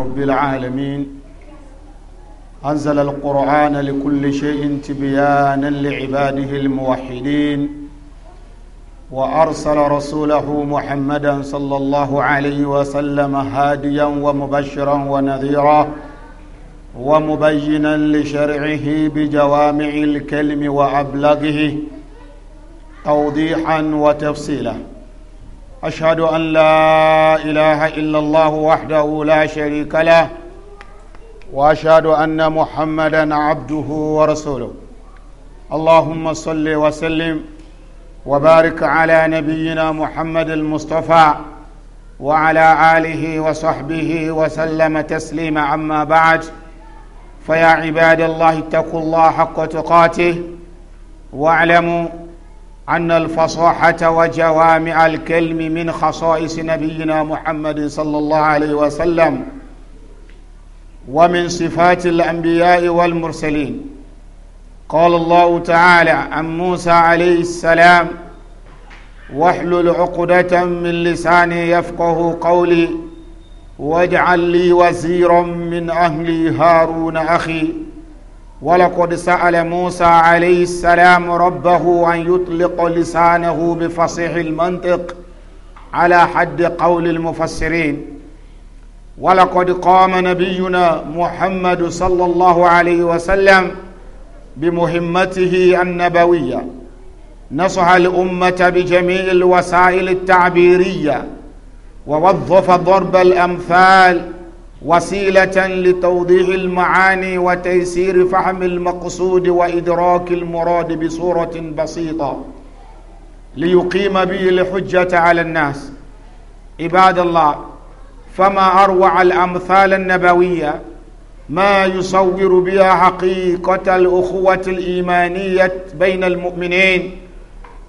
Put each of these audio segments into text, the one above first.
رب العالمين أنزل القرآن لكل شيء تبيانا لعباده الموحدين وأرسل رسوله محمدا صلى الله عليه وسلم هاديا ومبشرا ونذيرا ومبينا لشرعه بجوامع الكلم وأبلغه توضيحا وتفصيلا أشهد أن لا إله إلا الله وحده لا شريك له وأشهد أن محمدا عبده ورسوله اللهم صل وسلم وبارك على نبينا محمد المصطفى وعلى آله وصحبه وسلم تسليما أما بعد فيا عباد الله اتقوا الله حق تقاته واعلموا أن الفصاحة وجوامع الكلم من خصائص نبينا محمد صلى الله عليه وسلم ومن صفات الأنبياء والمرسلين قال الله تعالى عن موسى عليه السلام واحلل عقدة من لساني يفقه قولي واجعل لي وزيرا من أهلي هارون أخي ولقد سأل موسى عليه السلام ربه أن يطلق لسانه بفصيح المنطق على حد قول المفسرين ولقد قام نبينا محمد صلى الله عليه وسلم بمهمته النبوية نصح الأمة بجميع الوسائل التعبيرية ووظف ضرب الأمثال وسيلة لتوضيح المعاني وتيسير فهم المقصود وإدراك المراد بصورة بسيطة ليقيم به الحجة على الناس عباد الله فما أروع الأمثال النبوية ما يصور بها حقيقة الأخوة الإيمانية بين المؤمنين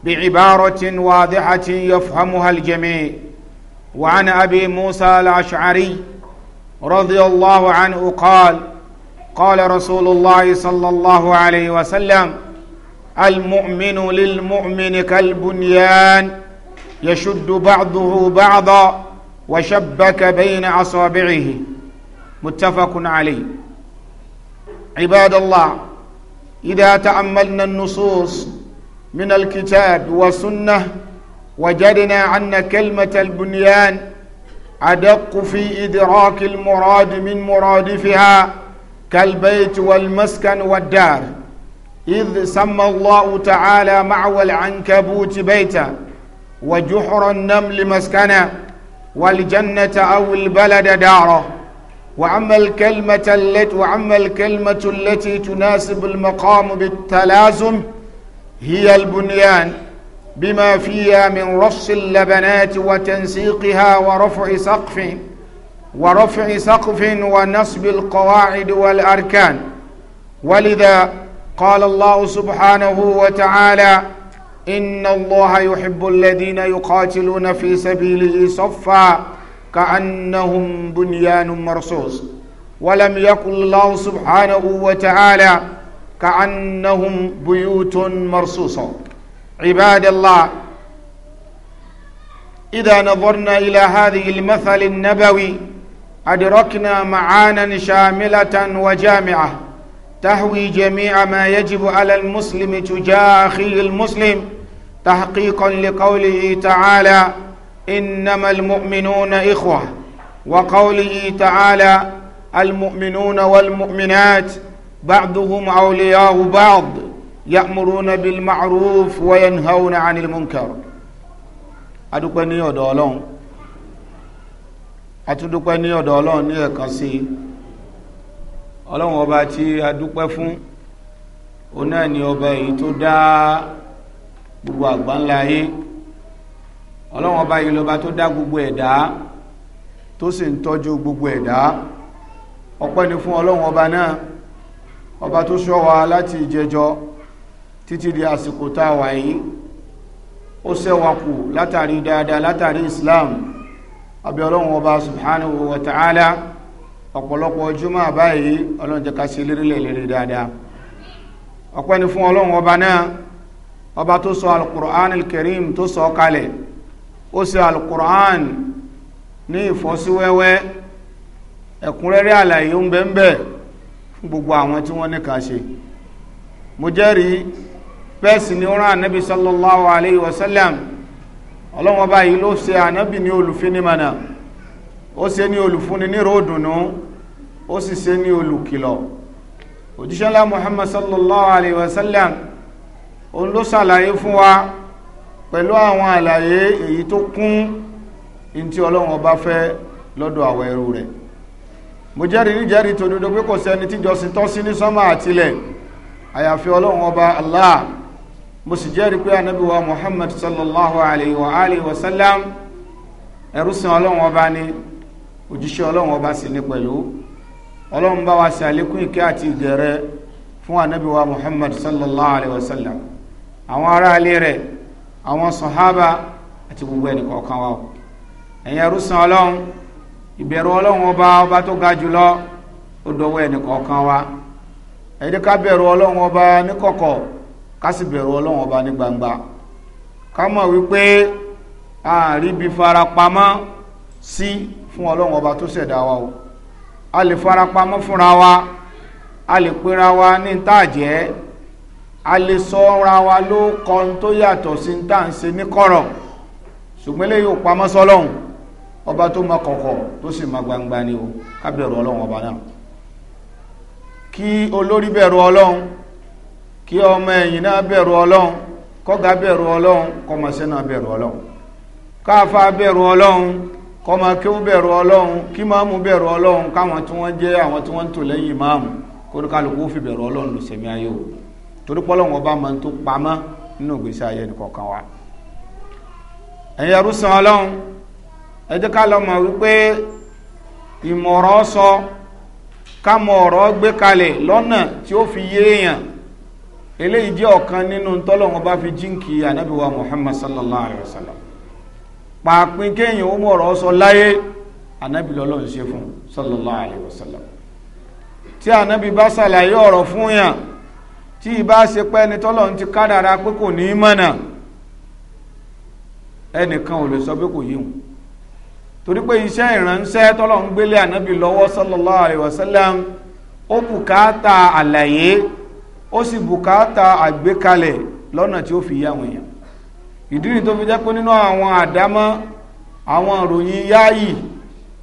بعبارة واضحة يفهمها الجميع وعن أبي موسى الأشعري رضي الله عنه قال قال رسول الله صلى الله عليه وسلم المؤمن للمؤمن كالبنيان يشد بعضه بعضا وشبك بين أصابعه متفق عليه عباد الله إذا تأملنا النصوص من الكتاب والسنة وجدنا أن كلمة البنيان أدق في إدراك المراد من مرادفها كالبيت والمسكن والدار إذ سمى الله تعالى معوى العنكبوت بيتا وجحر النمل مسكنا والجنة أو البلد دارا وأما الكلمة التي وأما الكلمة التي تناسب المقام بالتلازم هي البنيان بما فيها من رص اللبنات وتنسيقها ورفع سقف ورفع سقف ونصب القواعد والأركان ولذا قال الله سبحانه وتعالى إن الله يحب الذين يقاتلون في سبيله صفا كأنهم بنيان مرصوص ولم يقل الله سبحانه وتعالى كأنهم بيوت مرصوصة عباد الله إذا نظرنا إلى هذه المثل النبوي أدركنا معانا شاملة وجامعة تهوي جميع ما يجب على المسلم تجاه أخيه المسلم تحقيقا لقوله تعالى إنما المؤمنون إخوة وقوله تعالى المؤمنون والمؤمنات بعضهم أولياء بعض يأمرون بالمعروف وينهون عن المنكر. 'anil munkar adúpẹ́ ní ọ̀dọ̀ ọlọ́run atúndúpẹ́ ní ọ̀dọ̀ ọlọ́run ní ẹ̀kan sí i ọlọ́run ọba tí a dúpẹ́ fún òun náà ni ọba èyí tó dá gbogbo àgbáńlá ayé ọlọ́run ọba yìí lọ́ba tó dá gbogbo ẹ̀dá tó sì ń tọ́jú gbogbo ẹ̀dá ọpẹ́ ni fún ọlọ́run ọba náà ọba tó ṣọ́ wa láti ìjẹjọ́ títí di àsìkò tá a wà yìí ó ṣẹ́wàkù látàrí dáadáa látàrí islam abẹ́ ọlọ́run ọba subhanahu wa ta'ala ọ̀pọ̀lọpọ̀ jùmọ̀ báyìí ọlọ́run jẹ́ ká ṣe lérílẹ̀ lérí dáadáa ọpẹ́ ni fún ọlọ́run ọba náà ọba tó sọ alukur'an alkarim tó sọ kalẹ̀ ó ṣe alukur'an ní ìfọ́síwẹ́wẹ́ ẹ̀kúnrẹ́rẹ́ àlàyé ń bẹ́ẹ̀ fún gbogbo àwọn tí wọ́n ní ká ṣe mo jẹ́rìí bẹ́ẹ̀ sì ni ó rán ànábì sallallahu alayhi wa sallam ọlọ́wọ́n báyìí ló ṣe ànábì ní olùfinimọ̀nà ó ṣe ní olùfúnni ní ròdùnú ó sì ṣe ní olùkìlọ̀ òjíṣẹ́lá muhammad sallallahu alayhi wa sallam òun ló ṣàlàyé fún wa pẹ̀lú àwọn àlàyé èyí tó kún in tí ọlọ́wọ́n bá fẹ́ lọ́dọ̀ àwọn ẹrú rẹ̀ mo jẹ́rìí ní tòdodo pé kò sẹ́ni tíjọ́sìn tọ́sí ní sánmà àtilẹ̀ àyàfi ọlọ́wọ́n ọba allah mo sì jẹ́rìí pé anabi wa muhammad sallallahu alayhi wa alihi wa sallam ẹrú sin ọlọ́run ọba ni òjíṣẹ́ ọlọ́run ọba sì ní pẹ̀lú ọlọ́run bá wa ṣe àlékún ìkẹ́ àti ìgẹ̀rẹ́ fún anabi wa muhammad sallallahu alayhi wa sallam àwọn aráalé rẹ̀ àwọn sọ̀hábà àti gbogbo ẹnì kọ̀ọ̀kan wa ẹ̀yin ẹrú sin ọlọ́run ìbẹ̀rù ọlọ́run ọba ọba tó ga jùlọ ó dọwọ́ ẹnì kọ̀ọ̀kan wa ẹ bẹ̀rù ọlọ́run ọba níkọ̀kọ̀ ká sì bẹ̀rù ọlọ́run ọba ní gbangba ká mọ̀ wípé àríbi farapamọ́ sí fún ọlọ́run ọba tó ṣẹ̀dá wa o a lè farapamọ́ fúnra wa a lè pera wa ní ntàjẹ́ a lè sọ́ra wa ló kan tó yàtọ̀ sí ntà ń ṣe ní kọ̀rọ̀ ṣùgbọ́n eléyìí ò pamọ́ sọ́lọ́run ọba tó mọ kọ̀kọ̀ tó sì mọ gbangba ni o ká bẹ̀rù ọlọ́run ọba náà kí olórí bẹ̀rù ọlọ́run kí ọmọ ẹ̀yìn náà bẹ̀rù ọlọ́run kọ́gá bẹ̀rù ọlọ́run kọmọṣẹ́ náà bẹ̀rù ọlọ́run káàfà bẹ̀rù ọlọ́run kọmọ kí ó bẹ̀rù ọlọ́run kí máàmù bẹ̀rù ọlọ́run káwọn tí wọ́n jẹ́ àwọn tí wọ́n ń tò lẹ́yìn máàmù kóníkàlùkù fi bẹ̀rù ọlọ́run lù sẹ̀mí ayé o torí pọ́lọ́run ọba máa ń tó pamọ́ nínú ìgbésí ayé nìkọ̀ọ̀kan wa ẹ̀yin arúsàn ọlọ́run ẹ jẹ́ ká lọ wípé ìmọ̀ràn sọ ká mọ̀ ọ̀rọ̀ gbé kalẹ̀ lọ́nà tí ó fi yé eléyìí jẹ́ ọ̀kan nínú tọ́lọ́wọ́n bá fi jíǹkì ànábìwá Muhammad sallallahu alayhi wa sallam pàápín kéèyàn ó mọ̀rọ̀ sọ láyé ànábì lọ́lọ́run ṣe fún sallallahu alayhi wa sallam tí ànábì bá ṣàlàyé ọ̀rọ̀ fún yàn tí ìbá ṣe pé ẹni tọ́lọ́run ti kádàrá pé kò ní í mọ̀nà ẹnìkan ò lè sọ pé kò yíwù torí pé iṣẹ́ ìránṣẹ́ tọ́lọ́run gbélé ànábì lọ́wọ́ sallallahu alayhi wa sallam ó bùkátà àlàyé ó sì bùkátà àgbékalẹ̀ lọ́nà tí ó fi yá àwọn èèyàn ìdí ni tó fi jẹ́ pé nínú àwọn àdámọ́ àwọn ìròyìn yáàyì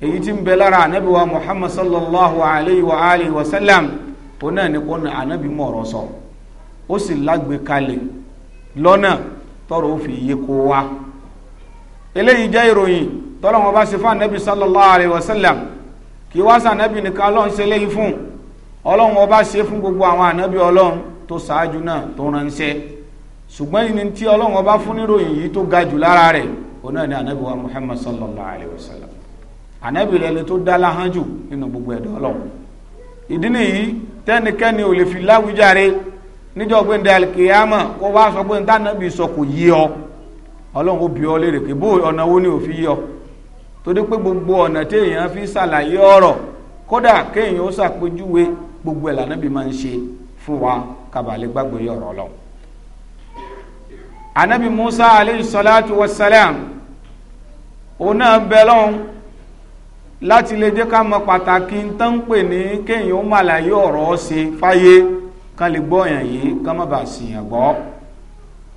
èyí tí ń bẹ lára ànábì wa muhammad sallallahu alayhi wa alihi wa sallam ó náà ní kọ́nà ànábì mọ̀rọ̀ sọ ó sì lágbékalẹ̀ lọ́nà tọ́rọ ó fi yé kó wá eléyìí jẹ́ ìròyìn tọ́lọ́wọ́n bá ṣe fún ànábì sallallahu alayhi wa sallam kí wá sànábì nìkan lọ́n ṣe léyìí fún un ọlọ́run ọba ṣe fún gbogbo àwọn ànábì ọlọ́run tó ṣáájú náà tó ránṣẹ́ ṣùgbọ́n ìní tí ọlọ́run ọba fún níròyìn yìí tó ga jù lára rẹ̀ òun náà ni ànábì wa muhammad sallallahu alayhi wa sallam ànábì rẹ̀ lè tó dá láhán jù nínú gbogbo ẹ̀dọ́ ọlọ́run ìdí nìyí tẹ́nikẹ́ni ò lè fi láwùjáre níjọ́ pé ndé alikiyama kó wá sọ pé ndá ànábì sọ kò yí ọ ọlọ́run ó bi ọ léèrè pé bó ọ̀nà wo ni òfin yí ọ torí pé gbogbo ọ̀nà téèyàn fi ṣàlàyé ọ̀rọ̀ kódà kéèyàn ó ṣàpèjúwe gbogbo ẹ̀ lànàbí máa ń ṣe fún wa kábàlẹ̀ gbàgbọ́ ọ̀rọ̀ lọ. anabi musa aleyhi salatu wa salam òun náà bẹ lọ́hùn láti lè jẹ́ ká mọ pàtàkì tó ń pè ní kéèyàn ó mà láyé ọ̀rọ̀ ṣe fáyé kan lè gbọ́ èèyàn yìí kán má bàa sìyàn gbọ́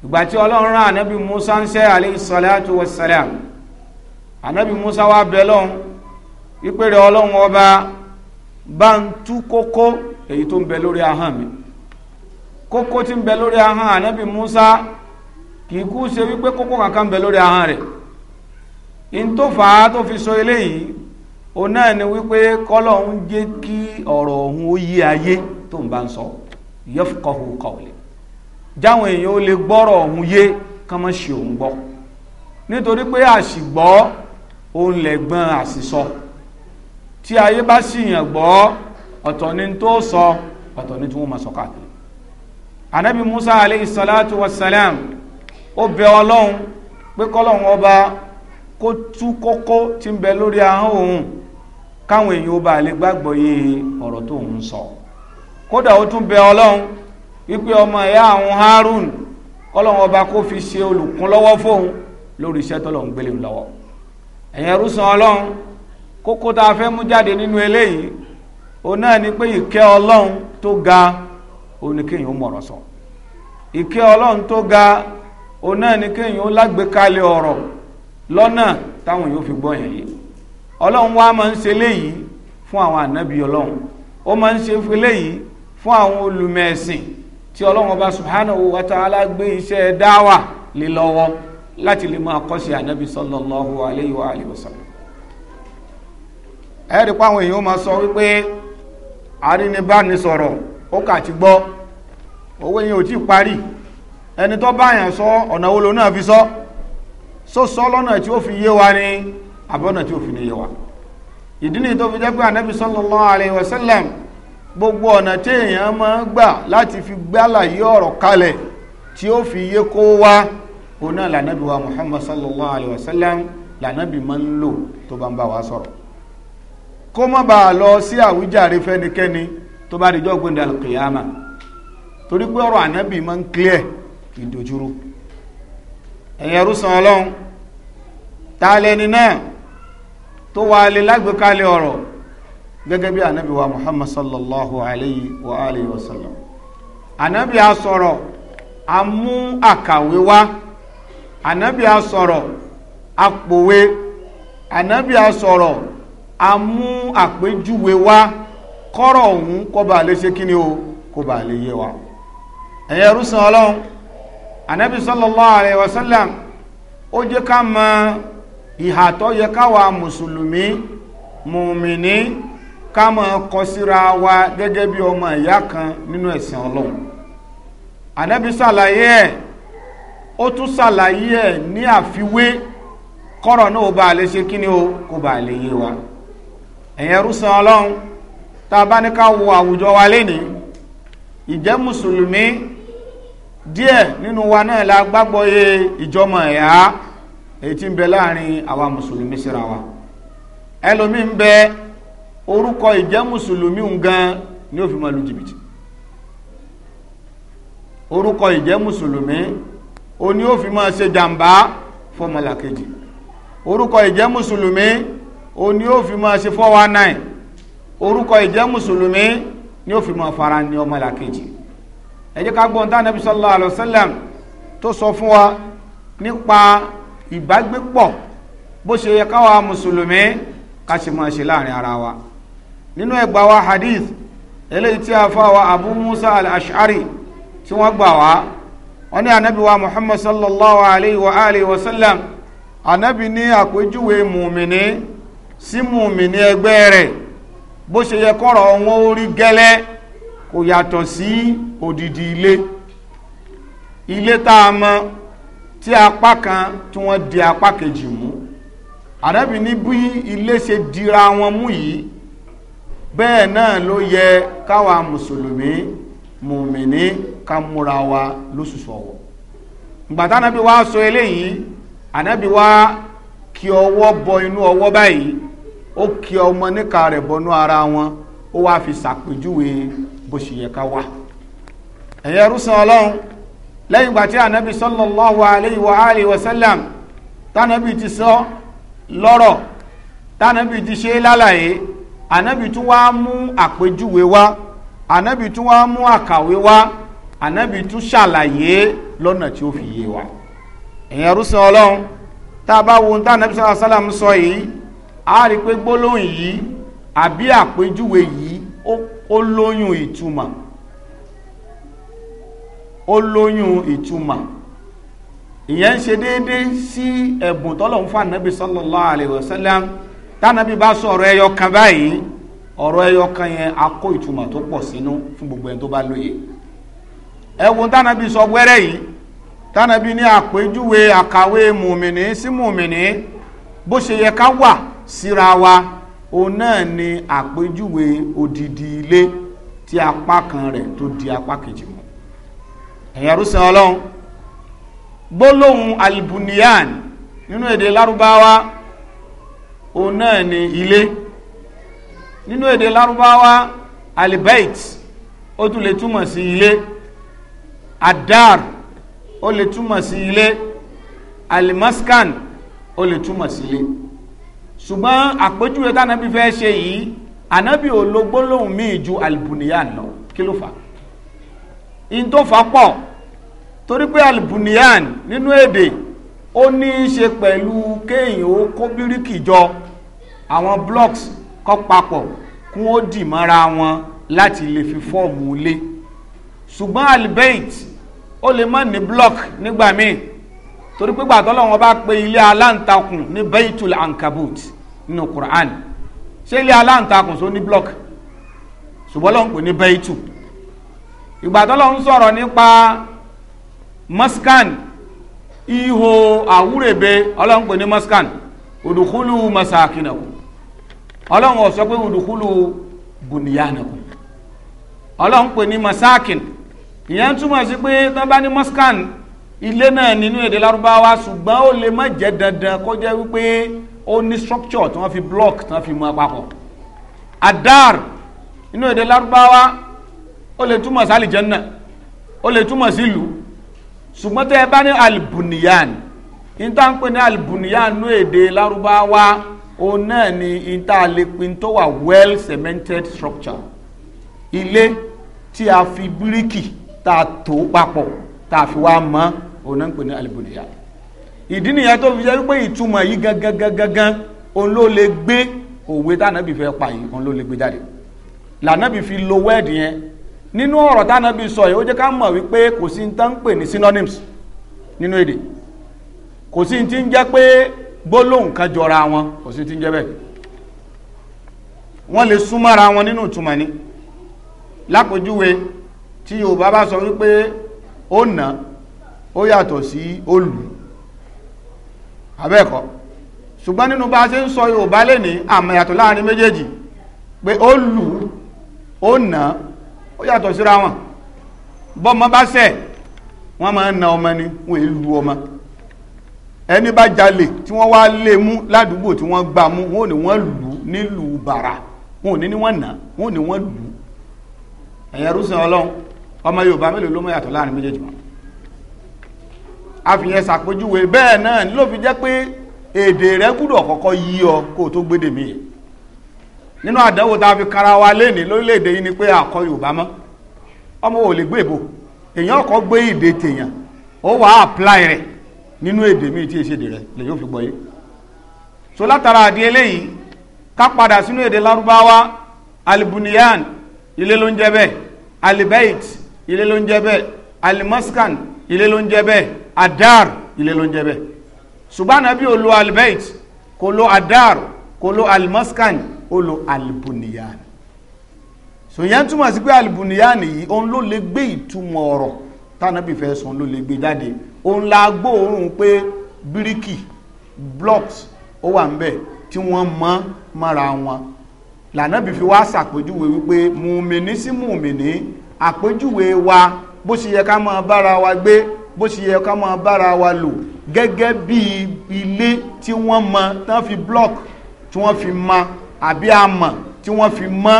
ìgbà tí ọlọ́run rán ànábì musa ń ṣe alayhi salatu wassalam ànábì musa wa bẹ lọ́hùn ìpèrè ọlọ́run ọba bá ń tú kókó èyí tó ń bẹ lórí ahọ́n mi kókó tí ń bẹ lórí ahọ́n ànábì Musa kìí kú ṣe wípé kókó kankan bẹ lórí ahọ́n rẹ̀ in tó fà á tó fi sọ eléyìí o náà ni wípé kọ́lọ̀ ń jẹ́ kí ọ̀rọ̀ ọ̀hún ó yé ayé tó ń bá ń sọ yafqahu qawli jáwọn èèyàn ó lè gbọ́rọ̀ ọ̀hún yé kán mọ́ ṣe òun gbọ́ nítorí pé àṣìgbọ́ òun lẹ̀gbọ́n àṣìsọ. So tí ayé bá sì yàn gbọ́ ọ̀tọ̀ ni tó sọ ọ̀tọ̀ ni tí wọ́n máa sọ káàkiri anabi musa aleyhi salatu wa salam ó bẹ ọlọ́run pé kọ́lọ́run ọba kó tú kókó tí ń bẹ lórí ahọ́n òun káwọn èèyàn ọba lè gbàgbọ́ yé ọ̀rọ̀ tó ń sọ kódà ó tún bẹ ọlọ́run wípé ọmọ ẹ̀yà àwọn harun kọ́lọ́run ọba kó fi ṣe olùkún lọ́wọ́ fóun lórí iṣẹ́ tọ́lọ́run gbélé lọ́wọ́ ẹ̀yẹn rúsan ọlọ́run kókó tá a fẹ́ mú jáde nínú eléyìí òun náà ni pé ìkẹ́ ọlọ́run tó ga òun ni kéèyàn ó mọ̀rọ̀ sọ ìkẹ́ ọlọ́run tó ga òun náà ni kéèyàn ó lágbèkalẹ̀ ọ̀rọ̀ lọ́nà táwọn yóò fi gbọ́ yẹn yìí ọlọ́run wa máa ń ṣe léyìí fún àwọn ànábì ọlọ́run ó máa ń ṣe léyìí fún àwọn olùmẹ̀sìn tí ọlọ́run ọba subhanahu wa ta'ala gbé iṣẹ́ dáwà lé lọ́wọ́ láti lè máa kọ́ sí ànábì sallallahu alayhi wa alihi wa sallam ẹ̀rí páwọn èèyàn ma sọ wípé arínibánisọ̀rọ̀ ó kà ti gbọ́ owó yẹn ò tí parí ẹni tó báyàn sọ ọ̀nà wo lòun náà fi sọ só sọ lọ́nà tí ó fi yé wa ni àbọ̀nà tí ó fi ní yé wa ìdí ni tó fi jẹ́ pé sallallahu wasallam gbogbo ọ̀nà tí èèyàn ma gbà láti fi gbálàyé ọ̀rọ̀ kalẹ̀ tí ó fi yé kó wá òun náà wa muhammad sallallahu alaihi ń lò tó bá ń bá wa kó má bàa lọ sí àwíjàre fẹ́nikẹ́ni tó bá dijọ́ gbẹ̀ndẹ̀ alùkìyàmà torí pé ọ̀rọ̀ ànábì máa ń clear ìdòjúrú ẹ̀yìn ẹrúsàn ọlọ́run ta lẹni náà tó wà lè lágbèkalẹ̀ ọ̀rọ̀ gẹ́gẹ́ bí ànábì wa muhammad sallallahu alayhi wa alayhi wa sallam ànábì a sọ̀rọ̀ a mú àkàwé wá ànábì a sọ̀rọ̀ a pòwe ànábì a sọ̀rọ̀ a mú àpéjúwe wá kọ́rọ̀ ọ̀hún kó bá lè ṣe kí ni o kó bá lè yé wa ẹ̀yẹ rúsan ọlọ́run anabi sallallahu alayhi wa sallam ó jẹ́ ká mọ ìhà tó yẹ káwa mùsùlùmí mùmìnì ká mọ kọ síra wa gẹ́gẹ́ bí ọmọ ìyá kan nínú ẹ̀sìn ọlọ́run anabi ṣàlàyé ẹ̀ ó tún ṣàlàyé ẹ̀ ní àfiwé kọ́rọ̀ náà ó bá lè ṣe kí ni o kó bá lè yé wa ẹ̀yẹn rúsan ọlọ́run tá a bá ní ká wo àwùjọ wa lénìí ìjẹ́ mùsùlùmí díẹ̀ nínú wa náà la gbàgbọ́ yé ìjọmọ̀ ẹ̀yà èyí tí ń bẹ láàrin àwa mùsùlùmí síra wa ẹlòmí bẹ orúkọ ìjẹ́ mùsùlùmí gan ni ó fi máa lu jìbìtì orúkọ ìjẹ́ mùsùlùmí o ni ó fi máa ṣe jàǹbá fọmọlàkejì orúkọ ìjẹ́ mùsùlùmí o ní ó fi máa ṣe 419 orúkọ ìjẹ́ mùsùlùmí ni ó fi máa fara ní ọmọ làkejì ẹ jẹ́ ká gbọ́n tá Ànábì sallallahu alaihi wasallam tó sọ fún wa nípa ìbágbépọ̀ bó ṣe yẹ káwa mùsùlùmí ká ṣe máa ṣe láàrin ara wa nínú ẹgbà wa hadith eléyìí tí a fa wa abu musa al-ash'ari tí wọ́n gbà wá wọ́n ní anabi wa muhammad sallallahu alayhi wa alihi wa sallam anabi ní àpèjúwe mùmìnì sí mùmìnì ẹgbẹ́ rẹ̀ bó ṣe yẹ kọ́rọ̀ wọn ó rí gẹ́lẹ́ kò yàtọ̀ sí odidi ilé ilé tá a mọ̀ tí apá kan tí wọ́n di apá kejì mú àrẹ́bì ní bí ilé ṣe dira wọn mú yìí bẹ́ẹ̀ náà ló yẹ káwa mùsùlùmí mùmìnì ká múra wa lóṣùṣọ̀wọ̀ ìgbàtà ànábì wá sọ eléyìí ànábì wá kí ọwọ́ bọ inú ọwọ́ báyìí ó kí ọmọ níka rẹ̀ bọnú ara wọn ó wá fi ṣàpèjúwe bó ṣe yẹ ká wá ẹ̀yẹ rúsan ọlọ́run lẹ́yìn ìgbà tí ànábì sallallahu alayhi wa alihi wa sallam tánàbì ti sọ lọ́rọ̀ tánàbì ti ṣe lálàyé ànábì tún wá mú àpèjúwe wá ànábì tún wá mú àkàwé wá ànábì tún ṣàlàyé lọ́nà tí ó fi yé wa ẹ̀yẹ rúsan ọlọ́run tá a bá wo tánàbì sallallahu alayhi wa yìí a rí pé gbólóhùn yìí àbí àpèjúwe yìí ó lóyún ìtumọ̀ ó lóyún ìtumọ̀ ìyẹn ń ṣe déédé sí ẹ̀bùn tọ́lọ̀ ń ànábì sallallahu alaihi wasallam tánàbí bá sọ ọ̀rọ̀ ẹyọ báyìí ọ̀rọ̀ yẹn a kó tó pọ̀ sínú fún gbogbo ẹni tó bá lóye tánàbí sọ wẹ́rẹ́ yìí síra wa òun náà ni àpèjúwe odidi ilé tí apá kan rẹ̀ tó di apá kejì mọ́ ẹ̀yà rúṣẹ́ ọlọ́run gbólóhùn albuniyan nínú èdè lárúbáwá òun náà ni ilé nínú èdè lárúbáwá albait ó tún lè túmọ̀ sí ilé adar ó lè túmọ̀ sí ilé alimaskan ó lè túmọ̀ sí ilé ṣùgbọ́n àpéjúwe tánàbí fẹ́ ṣe yìí ànábì ò lo gbólóhùn míì ju albuniyan lọ kí ló fà in tó fà pọ̀ torí pé albuniyan nínú èdè ó ní í ṣe pẹ̀lú kéèyàn ó kó bíríkì jọ àwọn blocks kọ́ papọ̀ kún ó dì mọ́ra wọn láti lè fi fọ́ọ̀mù ilé ṣùgbọ́n albeit ó lè má ní block nígbà míì torí pé gbàtọ́ lọ́wọ́ bá pe ilé aláǹtakùn ní baitul ankabut nínú Qur'an ṣé ilé aláǹtakùn só ní block ṣùgbọ́n lọ́n pè ní baitu ìgbàtọ́ lọ́n sọ̀rọ̀ nípa maskan ihò àwúrèbe ọlọ́n pè ní maskan udkhulu masakinakum ọlọ́n ó sọ pé udkhulu bunyanakum ọlọ́n pè ní masakin ìyẹn túmọ̀ sí pé tán ní maskan ilé náà nínú èdè lárúbáwá ṣùgbọ́n ó lè má jẹ́ dandan kó jẹ́ wípé ó ní structure tí wọ́n fi block tí wọ́n fi mọ papọ̀ adar nínú èdè lárúbáwá ó lè túmọ̀ sí àlìjẹ́nà ó lè túmọ̀ sí ìlú ṣùgbọ́n tẹ́ ẹ bá ní albuniyan níta ń pè ní albuniyan nínú èdè lárúbáwá òun náà ni níta lè pin tó wà well cemented structure ilé tí a fi bíríkì tá a tò papọ̀ tá a fi wá mọ́ òun náà ń pè ní alìbùnìyà ìdí nìyẹn tó fi jẹ́ wípé ìtumọ̀ yìí gangan gangan òun ló lè gbé òwe tánàbì fẹ́ pa yìí òun ló lè gbé jáde lànàbì fi lo wẹ́ẹ̀dì yẹn nínú ọ̀rọ̀ tánàbì sọ yìí ó jẹ́ ká mọ̀ wípé kò sí ní tán pè ní synonyms nínú èdè kò sí ti ń jẹ́ pé gbólóhùn kan jọra wọn kò sí ti ń jẹ́ bẹ́ẹ̀ wọ́n lè súnmọ́ra wọn nínú ìtumọ̀ ni lápòjúwe tí Yorùbá bá sọ wípé ó nà ó yàtọ̀ sí olù abẹ́ẹ̀kọ́ ṣùgbọ́n nínú bá ṣe ń sọ Yorùbá lè ní àmọ́ yàtọ̀ láàrin méjèèjì pé olù ó nà ó yàtọ̀ síra wọn bọ́mọ bá ṣẹ̀ wọ́n máa ń na ọmọ ni wọ́n èé lu ọmọ ẹni bá jalè tí wọ́n wá lé mú ládùúgbò tí wọ́n gbà mú wọ́n ní wọ́n lù nílùú bàrà wọ́n ní ní wọ́n nà wọ́n ní wọ́n lù ẹ̀yẹrú sin Ọlọ́run ọmọ Yorùbá mélòó ló mọ̀ yàtọ̀ láàrin méjèèjì wọn àfihàn ṣàpèjúwe bẹ́ẹ̀ náà ló fi jẹ́ pé èdè rẹ gbúdọ̀ kọ́kọ́ yí ọ kó tó nínú àdánwò tá a fi kara wa lénìí lórílẹ̀‐èdè yìí ni pé àkọ Yorùbá ọmọ ò lè gbé èbò èèyàn kọ́ gbé èdè tèèyàn ó wàá apply rẹ̀ nínú èdè míì tí èsèdè rẹ̀ lèyìn ò fi gbọ́ yé so látara àdí eléyìí ká alibuniyan ilé ló ń bẹ́ẹ̀ adar ilé ló ń jẹ bẹ́ẹ̀ ṣùgbọ́n anabi ò lo kò lo adar kò lo almaskan ó lo albuniyan sòyẹn túmọ̀ sí pé albuniyan yìí òun ló lè gbé ìtumọ̀ ọ̀rọ̀ tánàbì fẹ́ sọ ló lè gbé jáde òun la gbóòórùn pé bíríkì blocks ó wà ń bẹ̀ tí wọ́n mọ́ mọ́ra wọn lànàbì fi wá ṣàpèjúwe wípé mùmìnì sí mùmìnì àpèjúwe wa bó ṣe yẹ ká máa bára wa gbé bó ṣe yẹ ká máa bára wa lò gẹ́gẹ́ bí ilé tí wọ́n mọ tán fi block tí wọ́n fi mọ àbí àmọ̀ tí wọ́n fi mọ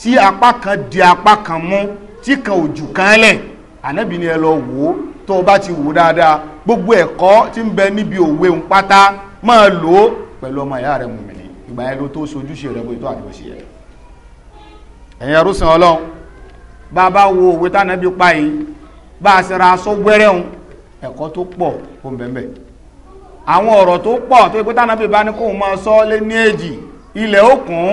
tí apá kan di apá kan mú tí kan ò jù kan lẹ̀ ànábì ni ẹ lọ wò ó tó o bá ti wò dáadáa gbogbo ẹ̀kọ́ tí ń bẹ níbi òwe ń pátá máa lò ó pẹ̀lú ọmọ ìyá rẹ̀ mùmìnì ìgbà yẹn ló tó sojúṣe rẹ̀ bóyá tó àdúróṣe yẹn ẹ̀yin arúsàn ọlọ́run bá a bá wo òwe tánàbí pa yìí bá a ṣe ra aṣọ wẹ́rẹ́ òun ẹ̀kọ́ tó pọ̀ ó ń bẹ̀m̀bẹ̀ àwọn ọ̀rọ̀ tó pọ̀ tó ipé tánàbí bá ní kó máa sọ lé ní èjì ilẹ̀ òkun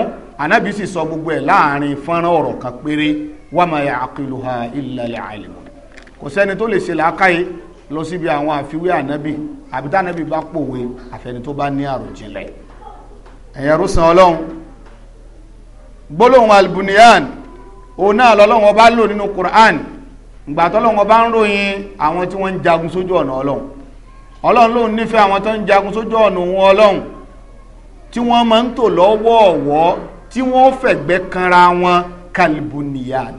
ànábì sì sọ gbogbo ẹ̀ láàrin fọ́nrán ọ̀rọ̀ kan péré wa ma ya'qiluha illa al-'alimun kò sẹ́ni tó lè ṣe làákàyè lọ síbi àwọn àfiwé ànábì àbí tánàbí bá pòwe àfẹni tó bá ní àròjinlẹ̀ ẹ̀yẹ rúsan ọlọ́run gbólóhùn albuniyan òun náà lọ́lọ́run ọba lò nínú Qur'an ìgbà tọ́lọ́wọ́n bá ń ròyìn àwọn tí wọ́n ń jagun sójú ọ̀nà ọlọ́run ọlọ́run ló ń nífẹ̀ẹ́ àwọn tó ń jagun sójú ọ̀nà wọn ọlọ́run tí wọ́n máa ń tò lọ́wọ́ọ̀wọ́ tí wọ́n fẹ̀gbẹ́ kanra wọn kalbuniyan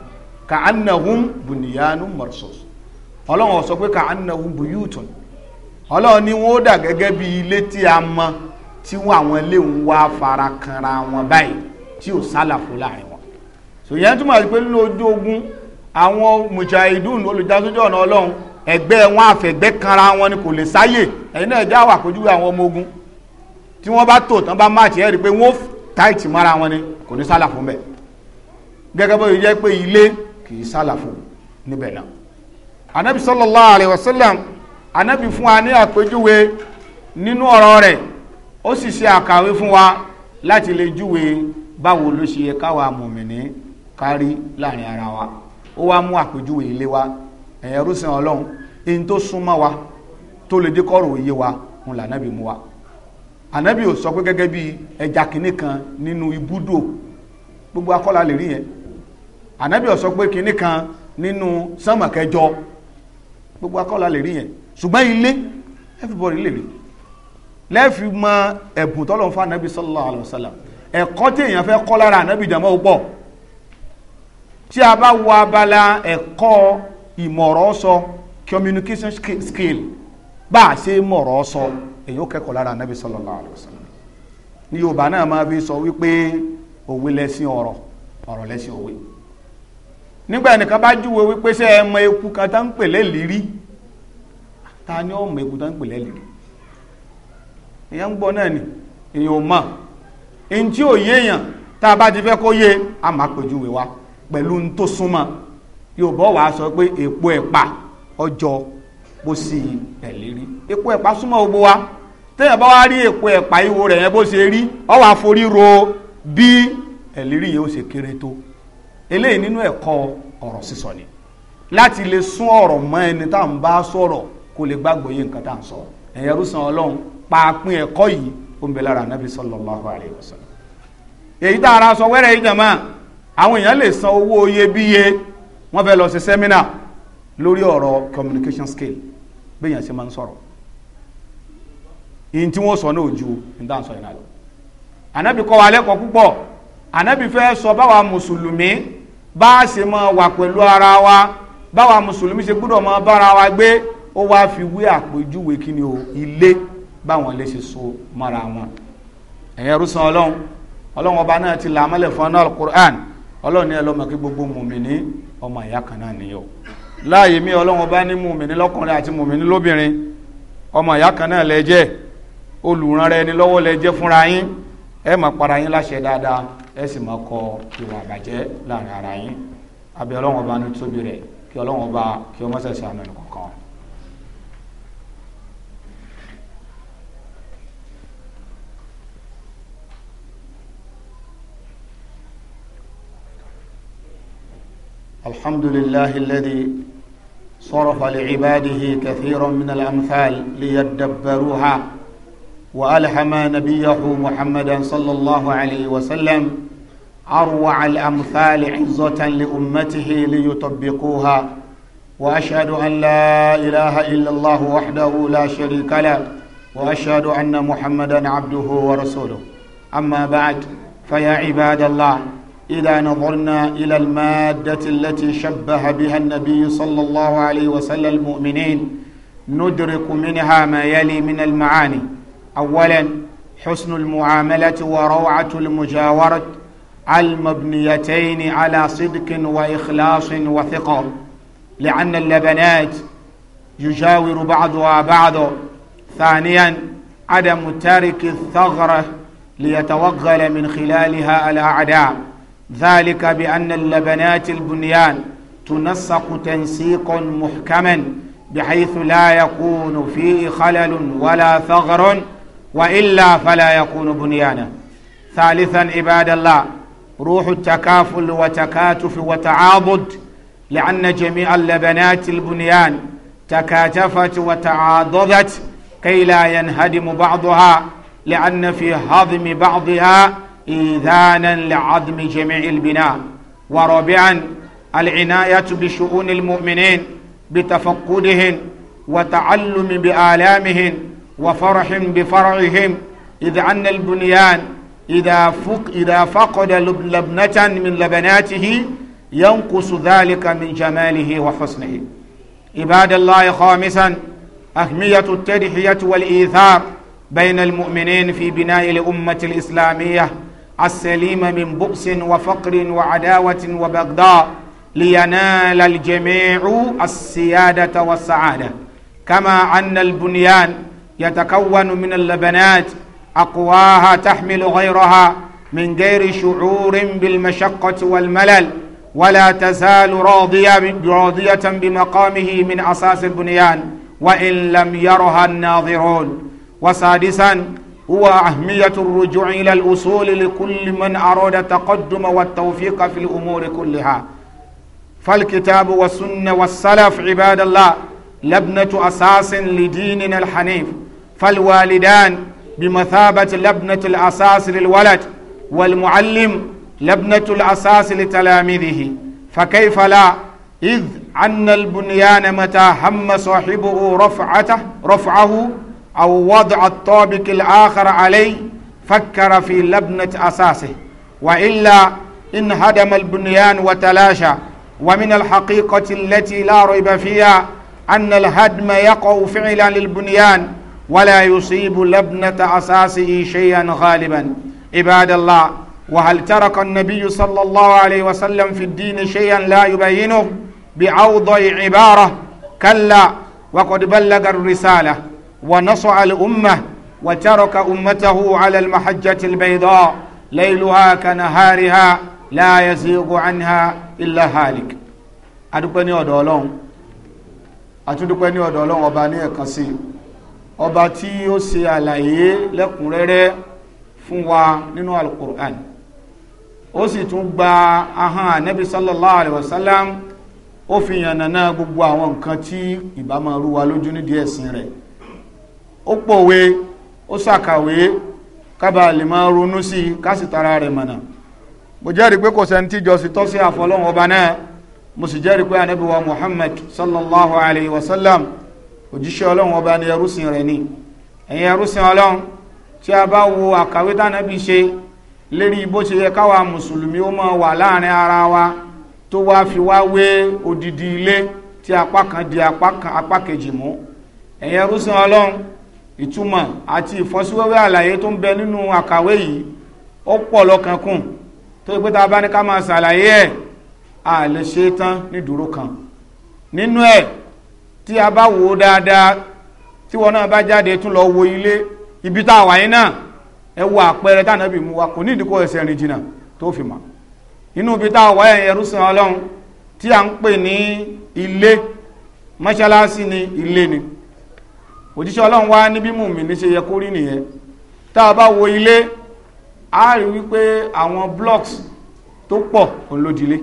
ka annahum buniyanu marsus ọlọ́run sọ pé ka annahum buyutun ọlọ́run ni wọ́n dà gẹ́gẹ́ bí ilé tí a mọ tí wọ́n àwọn ilé ń wá fara kanra wọn báyìí tí ò sálàfo láàrin wọn sòyẹn túmọ̀ sí pé nínú ojú ogun àwọn mùsàìdùn olùjásójú ọ̀nà ọlọ́run ẹgbẹ́ wọn àfẹ̀gbẹ́ kanra wọn ni kò lè sáyè ẹ̀yin náà já wà kojú àwọn ọmọ ogun tí wọ́n bá tò tán bá máàtì ẹ̀rí pé wọ́n táìtì mọ́ra wọn ni kò ní sálà fún bẹ́ẹ̀ gẹ́gẹ́ bó yẹ pé ilé kì í sálà fún níbẹ̀ náà anabi sallallahu alayhi wa anabi fún wa ní àpèjúwe nínú ọ̀rọ̀ rẹ̀ ó sì ṣe àkàwé fún wa láti lè júwe báwo ló ṣe yẹ káwa mùmìnì kárí láàrin ara wa ó wá mú àpèjúwe ilé wa ẹ̀yẹ rúṣin ọlọ́run in tó súnmọ́ wa tó lè dé kọ́rọ̀ òye wa òun lànàbì mú wa ànàbì ò sọ pé gẹ́gẹ́ bí ẹja kìíní kan nínú ibùdó gbogbo akọ́lá lè rí yẹn ànàbì ò sọ pé kìíní kan nínú sánmà gbogbo akọ́lá lè rí yẹn ṣùgbọ́n ilé everybody lè rí lẹ́ẹ̀fi mọ ẹ̀bùn tọ́lọ́run fún ànàbì sallallahu alaihi wasallam ẹ̀kọ́ tí èèyàn fẹ́ kọ́ lára ànàbì jàmọ́ pọ̀ tí a bá wo abala ẹ̀kọ́ ìmọ̀rọ̀ sọ communication skill bá a ṣe mọ̀rọ̀ sọ èyí ó kẹ́kọ̀ọ́ lára anábì sallallahu alaihi wasallam ní yorùbá náà máa fi sọ wípé òwe lẹ́sìn ọ̀rọ̀ ọ̀rọ̀ lẹ́sìn òwe nígbà ẹnìkan bá júwe wípé ṣé ẹ mọ eku kan tá ń pè lẹ́lìírí ta ni ó mọ eku tá ń pè lẹ́lìírí èyàn ń gbọ́ náà ni èyàn ò mọ̀ èyí tí ò yéèyàn tá a bá ti fẹ́ kó yé a máa pèjúwe wa pẹ̀lú ń tó súnmọ́ Yorùbá wàá sọ pé èpo ẹ̀pà ọjọ́ bó sì tẹ̀lé rí èpo ẹ̀pà súnmọ́ gbogbo wa téèyàn bá wá rí èpo ẹ̀pà ìwo rẹ̀ yẹn bó ṣe rí ọ wàá forí ro bí ẹ̀lérí yẹn ó ṣe kéré tó eléyìí nínú ẹ̀kọ́ ọ̀rọ̀ sísọ ni láti lè sún ọ̀rọ̀ mọ́ ẹni tá à ń bá sọ̀rọ̀ kó lè gbàgbọ́ yé nǹkan tá à ń sọ ẹ̀yẹrú san Ọlọ́run paapin ẹ̀kọ́ yìí ó ń bẹ lára Ànábì sallallahu alaihi wasallam èyí tá a ra sọ wẹ́rẹ́ yìí jàmáà àwọn èèyàn lè san owó iyebíye wọ́n fẹ́ lọ sí sẹ́mínà lórí ọ̀rọ̀ communication skill bí èèyàn ṣe máa ń sọ̀rọ̀ ìyìn tí wọ́n sọ náà ju ìdáhùn sọ ìnáyọ ànábì kọ́ wa lẹ́kọ̀ọ́ púpọ̀ ànábì fẹ́ sọ báwa mùsùlùmí bá a ṣe máa wà pẹ̀lú ara wa báwa mùsùlùmí ṣe gbọ́dọ̀ máa bára wa gbé ó wá fi wé àpèjúwe kí ni o ilé báwọn lè ṣe so mọ́ra wọn ẹ̀yẹ́rú san ọlọ́run ọlọ́run ọba náà ti là fún ọ náà Qur'an ọlọ́run ní ẹlọ́mọ kí gbogbo mùmìnì ọmọ ìyá kan náà nìyọ láàyè mí ọlọ́run bá ní mùmìnì lọ́kùnrin àti mùmìnì lóbìnrin ọmọ ìyá kan náà lẹ jẹ́ olùràn ni lọ́wọ́ lẹ jẹ́ fúnra yín ẹ máa para yín láṣẹ dáadáa ẹ sì máa kọ ìwà àbàjẹ́ láàrin ara yín abẹ́ ọlọ́run ọba ní tóbi rẹ̀ kí ọlọ́run ọba kí ọmọ sẹ̀sẹ̀ àmì nìkan الحمد لله الذي صرف لعباده كثيرا من الأمثال ليدبروها وألهم نبيه محمدا صلى الله عليه وسلم أروع الأمثال عزة لأمته ليطبقوها وأشهد أن لا إله إلا الله وحده لا شريك له وأشهد أن محمدا عبده ورسوله أما بعد فيا عباد الله إذا نظرنا إلى المادة التي شبه بها النبي صلى الله عليه وسلم المؤمنين ندرك منها ما يلي من المعاني أولا حسن المعاملة وروعة المجاورة المبنيتين على صدق وإخلاص وثقة لأن اللبنات يجاور بعضها بعضا ثانيا عدم ترك الثغرة ليتوغل من خلالها الأعداء ذلك بأن اللبنات البنيان تنسق تنسيقا محكما بحيث لا يكون فيه خلل ولا ثغر وإلا فلا يكون بنيانا ثالثا عباد الله روح التكافل وتكاتف وتعاضد لأن جميع اللبنات البنيان تكاتفت وتعاضدت كي لا ينهدم بعضها لأن في هضم بعضها إيذانا لعدم جميع البناء ورابعا العناية بشؤون المؤمنين بتفقدهم وتعلم بآلامهم وفرح بفرعهم إذ أن البنيان إذا, فق إذا فقد لبنة من لبناته ينقص ذلك من جماله وحسنه عباد الله خامسا أهمية التضحية والإيثار بين المؤمنين في بناء الأمة الإسلامية السليم من بؤس وفقر وعداوة وبغضاء لينال الجميع السيادة والسعادة كما أن البنيان يتكون من اللبنات أقواها تحمل غيرها من غير شعور بالمشقة والملل ولا تزال راضية راضية بمقامه من أساس البنيان وإن لم يرها الناظرون وسادسا هو أهمية الرجوع إلى الأصول لكل من أراد التقدم والتوفيق في الأمور كلها فالكتاب والسنة والسلف عباد الله لبنة أساس لديننا الحنيف فالوالدان بمثابة لبنة الأساس للولد والمعلم لبنة الأساس لتلاميذه فكيف لا إذ أن البنيان متى هم صاحبه رفعته رفعه أو وضع الطابق الآخر عليه فكر في لبنة أساسه وإلا انهدم البنيان وتلاشى ومن الحقيقة التي لا ريب فيها أن الهدم يقع فعلا للبنيان ولا يصيب لبنة أساسه شيئا غالبا عباد الله وهل ترك النبي صلى الله عليه وسلم في الدين شيئا لا يبينه بأوضع عبارة كلا وقد بلغ الرسالة ونصع الأمة وترك أمته على المحجة البيضاء ليلها كنهارها لا يزيغ عنها إلا هالك adúpẹ́ ní ọ̀dọ̀ ọlọ́run àtúndúpẹ́ ní ọ̀dọ̀ ọlọ́run ọba ní ẹ̀kan sí ọba tí ó ṣe àlàyé lẹ́kùnrẹ́rẹ́ fún wa nínú alukur'an ó sì tún gba ahọ́n anabi sallallahu alayhi wa sallam ó fi yànnàná gbogbo àwọn nǹkan tí ìbámu rú wa lójú nídìí ẹ̀sìn rẹ̀ ó pòwe ó sàkàwé kábàá lè máa ronú sí i kásìtara rẹ̀ mọ̀nà mo jẹ́rìí pé kò sẹ́ni tíjọ sí tọ́sí àfọlọ́hún ọba náà mo sì jẹ́rìí pé wa sallallahu alayhi wa sallam òjíṣẹ́ ọlọ́run ọba ni ẹrúsìn rẹ̀ ni ẹ̀yin ẹrúsìn tí a bá wo àkàwé tánàbí ṣe lérí bó ṣe yẹ káwa mùsùlùmí ó máa wà ara wa tó wá fi wá wé odidi ilé tí apá kan di apá kejì mú ẹ̀yin ẹrúsìn ìtumọ̀ àti ìfọ́síwẹ́wẹ́ àlàyé tó ń bẹ nínú àkàwé yìí ó pọ̀ lọ́kàn kùn tó yẹ pé a bá ní ká máa ṣàlàyé ẹ̀ a lè ṣe tán ní dúró kan nínú ẹ̀ tí a bá wò ó dáadáa tí wọn náà bá jáde tún lọ wo ilé ibi tá a wà yín náà ẹ wo àpẹẹrẹ táwọn ẹbí mu wa kò ní ìdíkọ ẹsẹ̀ rìn jìnnà tó fi mọ̀ inú ibi tá a wà yẹn ẹrú sàn ọlọ́run tí a ń pè ní ilé mọ́ṣáláṣí ni ilé ni òjíṣẹ́ ọlọ́run wá níbí mùmíní ṣe yẹ kó rí nìyẹn tá a bá wo ilé a rí wípé àwọn blocks tó pọ̀ olódìlé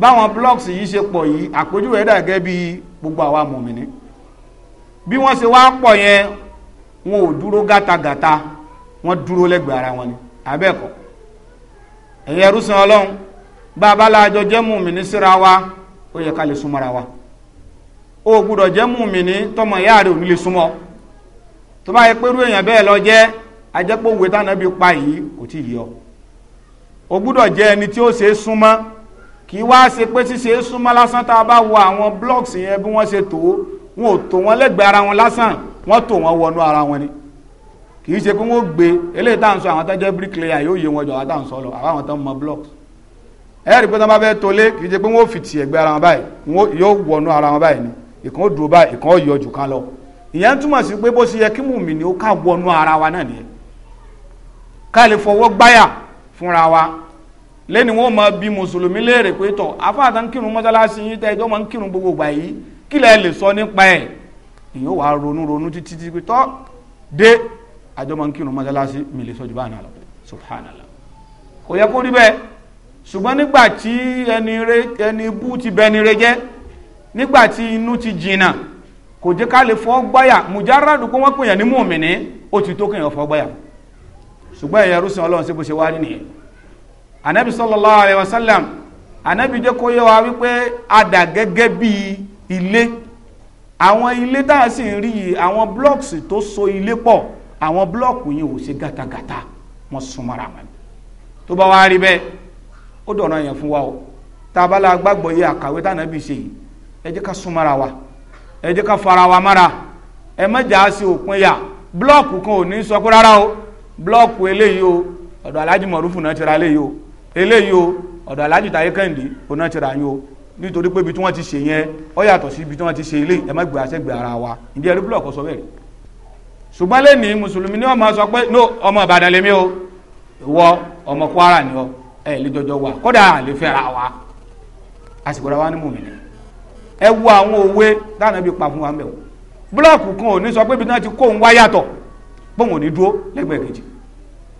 báwọn blocks yìí ṣe pọ̀ yìí àpèjúwe ẹ̀dà gẹ́gẹ́ bí gbogbo àwa mùmíní bí wọ́n ṣe wá pọ̀ yẹn wọn ò dúró gátagàta wọ́n dúró lẹ́gbẹ̀ẹ́ ara wọn ni abẹ́ẹ̀kọ́ ẹ̀yẹ ẹrú ọlọ́run bá a bá láàjọ jẹ́ mùmíní síra wa ó yẹ ká lè súnmọ́ra wa o gbúdọ̀ jẹ́ mùmíní tọmọ ìyá rẹ̀ ò ní lè súnmọ́ tó bá yẹ pé irú èèyàn bẹ́ẹ̀ lọ jẹ́ ajẹ́pọ̀ òwe táwọn ẹbí pa yìí kò tí ì yọ o gbúdọ̀ jẹ́ ẹni tí ó ṣeé súnmọ́ kì í wá ṣe pé ṣíṣe é súnmọ́ lásán tá a bá wo àwọn blocks yẹn bí wọ́n ṣe tó wọn ò tò wọ́n lẹ́gbẹ̀ẹ́ ara wọn lásán wọ́n tò wọ́n wọnú ara wọn ni kì í ṣe pé wọ́n gbé eléyìí tá à ń sọ àwọn tó jẹ́ bricklayer yóò yé wọn jọ àwọn tá à ń sọ lọ àwọn tó ń mọ blocks ẹ rí i pé tó bá fẹ́ tolé kì í ṣe pé wọ́n ò fìtì ẹ̀gbẹ́ ara wọn báyìí yóò wọnú ara wọn báyìí ìkan ó dúró báyìí ìkan ó yọ jù kan lọ ìyẹn túmọ̀ sí pé bó ṣe yẹ kí mùmí ni ó ká wọnú ara wa náà nìyẹn ká lè fọwọ́ gbáyà fúnra wa lẹ́ni wọn máa bí mùsùlùmí léèrè pé tọ̀ afáàtà ń kírun mọ́sálásí yín tẹ́ ẹjọ́ máa ń kírun gbogbo ìgbà yìí kí lẹ lè sọ nípa ẹ̀ ìyẹn wàá ronú ronú títí tí pé tọ́ dé àjọ máa ń kírun mọ́sálásí mi lè sọ jù báyìí lọ subhanallah kò yẹ kó rí bẹ́ẹ̀ ṣùgbọ́n nígbà tí ẹni bú ti bẹni re jẹ́ nígbà tí inú ti jìnnà kò jẹ́ ká lè fọ́ gbáyà mùjáràdù kó wọ́n pèèyàn ní mùmìnì ó ti tó kéèyàn fọ́ gbáyà ṣùgbọ́n ẹ̀yà rúṣin ọlọ́run sí bó ṣe wá rí nìyẹn anabi sallallahu alayhi wa anabi jẹ́ kó yé wa wípé adà gẹ́gẹ́ bí ilé àwọn ilé tá a sì ń rí yìí àwọn blocks tó so ilé pọ̀ àwọn blọ́ọ̀kù yìí ò ṣe gàtàgàtà wọ́n súnmọ́ra wọn tó bá wá rí bẹ́ẹ̀ ó dọ̀nà yẹn fún wa o tá a bá la gbàgbọ́ yé ṣe yìí ẹ jẹ́ ká wa ẹ jẹ́ ká fara wa mára ẹ má jà sí òpin yà blọọkù kan ò ní sọ pé rárá o blọọkù eléyìí o ọ̀dọ̀ alájì mọ̀rúfù náà ti ra eléyìí o eléyìí o ọ̀dọ̀ alájì táyé kẹ́hìndé o náà ti ra yín o nítorí pé ibi tí wọ́n ti ṣe yẹn ó sí ibi tí wọ́n ti ṣe eléyìí ẹ má gbé ara wa ìdí ẹrí blọọkù sọ bẹ́ẹ̀ ṣùgbọ́n lẹ́nìí mùsùlùmí ni wọ́n máa pé no ọmọ ìbàdàn lèmi o ìwọ ọmọ kwara ni ọ ẹ lè jọjọ kódà lè fẹ́ ra wa àsìkò ra wa ní mùmìnì ẹ wo àwọn òwe dáná bí pa fún wa mẹ́wọ̀ búlọ́ọ̀kù kan ò ní sọ pé ibi náà ti kó òun wá yàtọ̀ bóun ò ní dúró lẹ́gbẹ̀ẹ́ kejì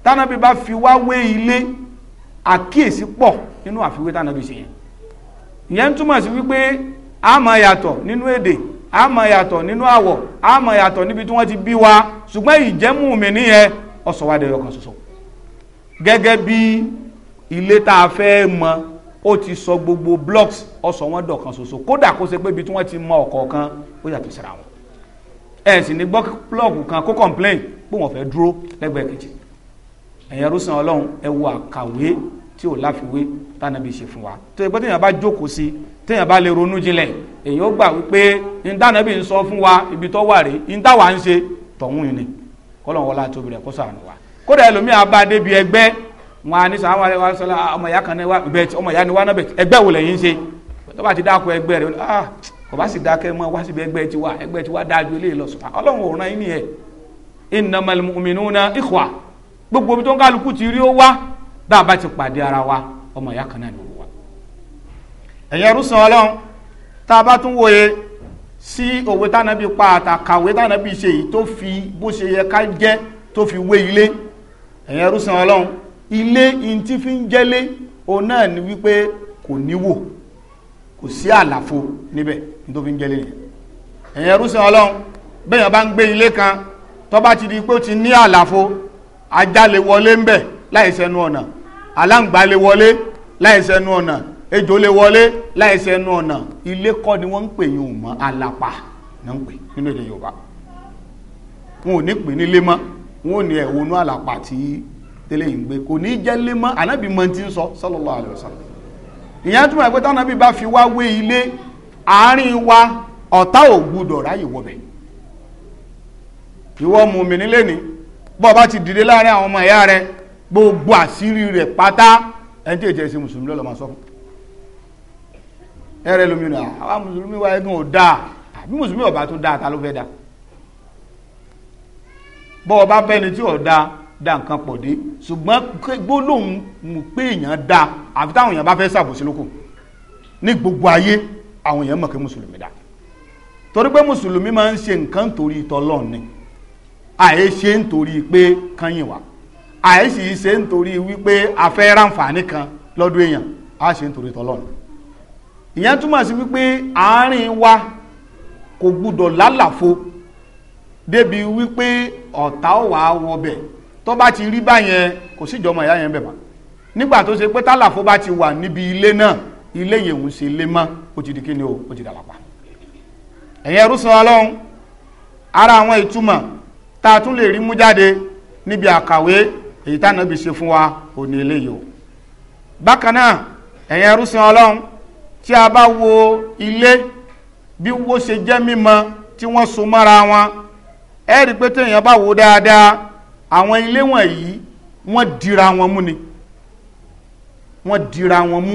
dáná bí bá fi wá wé ilé àkíyèsí pọ̀ nínú àfiwé dáná bí ṣe yẹn ìyẹn túmọ̀ sí wípé a máa yàtọ̀ nínú èdè a máa yàtọ̀ nínú àwọ̀ a máa yàtọ̀ níbi tí wọ́n ti bí wa ṣùgbọ́n ìjẹ́mú mi nìyẹn ọ̀sọ̀wádìí ọkàn ṣoṣo gẹ́gẹ́ bí ilé tá a fẹ́ mọ ó ti sọ gbogbo blocks ọsọ wọn dọ̀kan ṣoṣo kódà kó ṣe pé ibi tí wọ́n ti mọ ọ̀kọ̀ọ̀kan ó yàtọ̀ síra wọn ẹ sì ní gbọ́ blọọkù kan kó complain pé wọ́n fẹ́ dúró lẹ́gbẹ̀ẹ́ kejì ẹ̀yẹn rúṣan ọlọ́run ẹ wo àkàwé tí ò láfiwé tánàbí ṣe fún wa tó yẹ pé téèyàn bá jókòó sí téèyàn bá lè ronú jinlẹ̀ èyàn ó gbà wípé n tánàbí ń sọ fún wa ibi tó wà rè n táwa ń ṣe tọ̀hún yìí ni kọ́lọ́n wọlá tóbi rẹ̀ kó sàánú wa kódà ẹlòmíà bá débi ẹgbẹ́ wọn á ní sàn àwọn àwọn sọlá ah, ọmọ ìyá kan ní wa bẹẹ ọmọ ìyá ni wa náà bẹẹ wo lẹ́yìn ṣe tó ti dákọ ẹgbẹ́ rẹ ah kò bá sì dákẹ́ mọ́ wá síbi ẹgbẹ́ tiwa ẹgbẹ́ tiwa dájú eléyìí lọ sùn ọlọ́run ò ràn yín nìyẹn innamal mu'minuna ikhwa gbogbo omi tó ń kálukú ti rí ó wá bá a bá ti pàdé ara wa ọmọ ìyá kan náà ni wa. ẹ̀yẹ rúṣan ọlọ́run tá a bá tún wòye sí òwe tánàbí pa àtàkàwé tánàbí ṣe yìí tó fi bó ṣe yẹ ká jẹ́ tó fi wé ilé ẹ̀yẹ rúṣan ọlọ́run ilé in tí fi ń jẹ́lé òun náà ni wípé kò níwò kò sí àlàfo níbẹ̀ ní tó fi ń jẹ́lé yẹn ẹ̀yìn ẹrúsìn ọlọ́run bẹ́yàn bá ń gbé ilé kan tó bá ti di pé ó ti ní àlàfo ajá wọlé ń bẹ̀ láìsẹnu ọ̀nà aláǹgbá wọlé láìsẹnu ọ̀nà ejò lè wọlé láìsẹnu ọ̀nà ilé kọ́ ni wọ́n ń pè yín mọ́ alapa ní ń pè nínú èdè yorùbá wọn ò ní pè ní ilé mọ́ wọn ò ní ẹ̀wọ̀nú àlàpà tí tẹ́lẹ̀ ń gbé kò ní jẹ́ lé mọ́ ànábì mọ́ ti ń sọ sallallahu alaihi wasallam ìyẹn túmọ̀ pé tánábì bá fi wá wé ilé àárín wa ọ̀tá ò gbúdọ̀ ráyè wọbẹ̀ ìwọ mùmínì lẹ́ni bọ́ọ̀ bá ti dìde láàrin àwọn ọmọ ìyá rẹ gbogbo àṣírí rẹ̀ pátá ẹni tí èjì ẹ̀sìn mùsùlùmí lọ́lọ́ máa sọ fún ẹ̀rẹ́ lómi nà àwa mùsùlùmí wa ẹ̀gùn ò dáa àbí mùsùlùmí ọ̀bá tó dáa ta ló fẹ́ dáa bọ́ọ̀ bá bẹ́ni tí ò dáa da nǹkan pọ̀ dé ṣùgbọ́n gbólóhùn mú pé èèyàn dá àfi táwọn èèyàn bá fẹ́ ṣàbòsí lóko ní gbogbo ayé àwọn èèyàn mọ̀ pé mùsùlùmí dá torí pé mùsùlùmí máa ń ṣe nǹkan torí tọlọ́run ni àyè ṣe ń torí pé kányìn wá àyè sì ṣe ń torí wípé a fẹ́ kan lọ́dún èèyàn á ṣe ń torí tọlọ́run ìyẹn túmọ̀ sí wípé àárín wa kò gbúdọ̀ lálàfo débi wípé ọ̀tá ò wá wọbẹ̀ tó bá ti rí báyẹn kò síjọmọ ìyá yẹn bẹ̀ mọ́ nígbà tó ṣe pé tálàfó bá ti wà níbi ilé náà ilé yẹn ń ṣe ilé mọ́ ó ti di kí ni o ó ti dàlápá ẹ̀yẹn rúsan ọlọ́run ara àwọn ìtumọ̀ tá a tún lè rí mú jáde níbi àkàwé èyí tá nàbí ṣe fún wa ò ní eléyìí o bákan náà ẹ̀yẹn rúsan ọlọ́run tí a bá wo ilé bí wó ṣe jẹ́ mímọ tí wọ́n so mọ́ra wọn ẹ pé téèyàn bá wo dáadáa àwọn ilé wọ̀nyí wọ́n dira wọn mú ni wọ́n dira wọn mú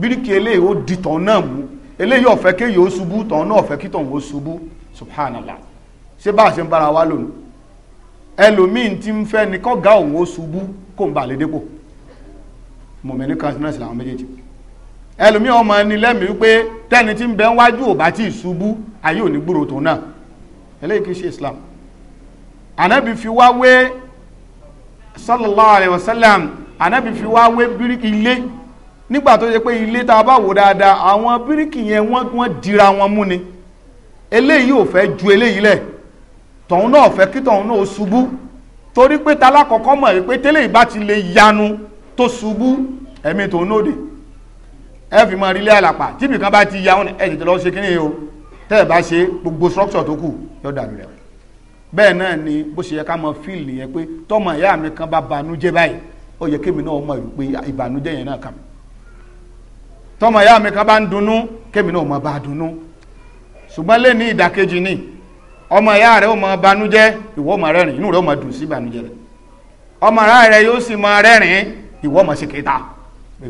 bíríkì eléyìí ó di tàn náà mú eléyìí ò fẹ́ kéyìí ṣubú tàn náà ò kí tàn ó ṣubú subhanallah ṣé bá a ṣe ń bára wa lónìí ẹlòmíín tí ń fẹ́ ni kọ́gá òun ó ṣubú kó ń bà lé dépò mọ̀mẹ́ni kàtúnẹ̀sì làwọn méjèèjì ẹlòmíín ọmọ ẹni lẹ́mìí wípé tẹ́ni tí ń bẹ wájú ò bá tí ì ṣubú ayé ò gbúrò tó náà eléyìí kì í ṣe Islam anabi fi wá wé sallallahu alayhi wa sallam anabi fi wá wé bíríkì ilé nígbà tó ṣe pé ilé tá a bá wò dáadáa àwọn bíríkì yẹn wọ́n wọ́n dira wọn mú ni eléyìí ò fẹ́ ju eléyìí lẹ̀ tọ̀hún náà fẹ́ kí tọ̀hún náà ṣubú torí pé talákọ̀ọ́kọ́ mọ̀ wípé tẹ́lẹ̀ ìbá ti lè yanu tó ṣubú ẹ̀mí tòun náà dé ẹ fi mọ ilé àlàpà tíbi kan bá ti ya wọn ẹ tètè lọ ṣe kínní o tẹ́ ẹ bá ṣe gbogbo structure tó kù yóò dàrú rẹ bẹ́ẹ̀ náà ni bó ṣe yẹ ká mọ fíìlì yẹn pé tọmọ ìyá mi kan bá banújẹ́ báyìí ó yẹ kémi náà mọ ìrù pé ìbànújẹ́ yẹn náà kà mí tọmọ ìyá mi kan bá ń dunnú kémi náà mọ bá dunnú ṣùgbọ́n lé ní ìdàkejì ni ọmọ ìyá rẹ ó mọ banújẹ́ ìwọ ọmọ rẹ rìn inú rẹ ó mọ dùn sí ìbànújẹ́ rẹ ọmọ ìyá rẹ yóò sì mọ ìwọ ọmọ ṣe kéta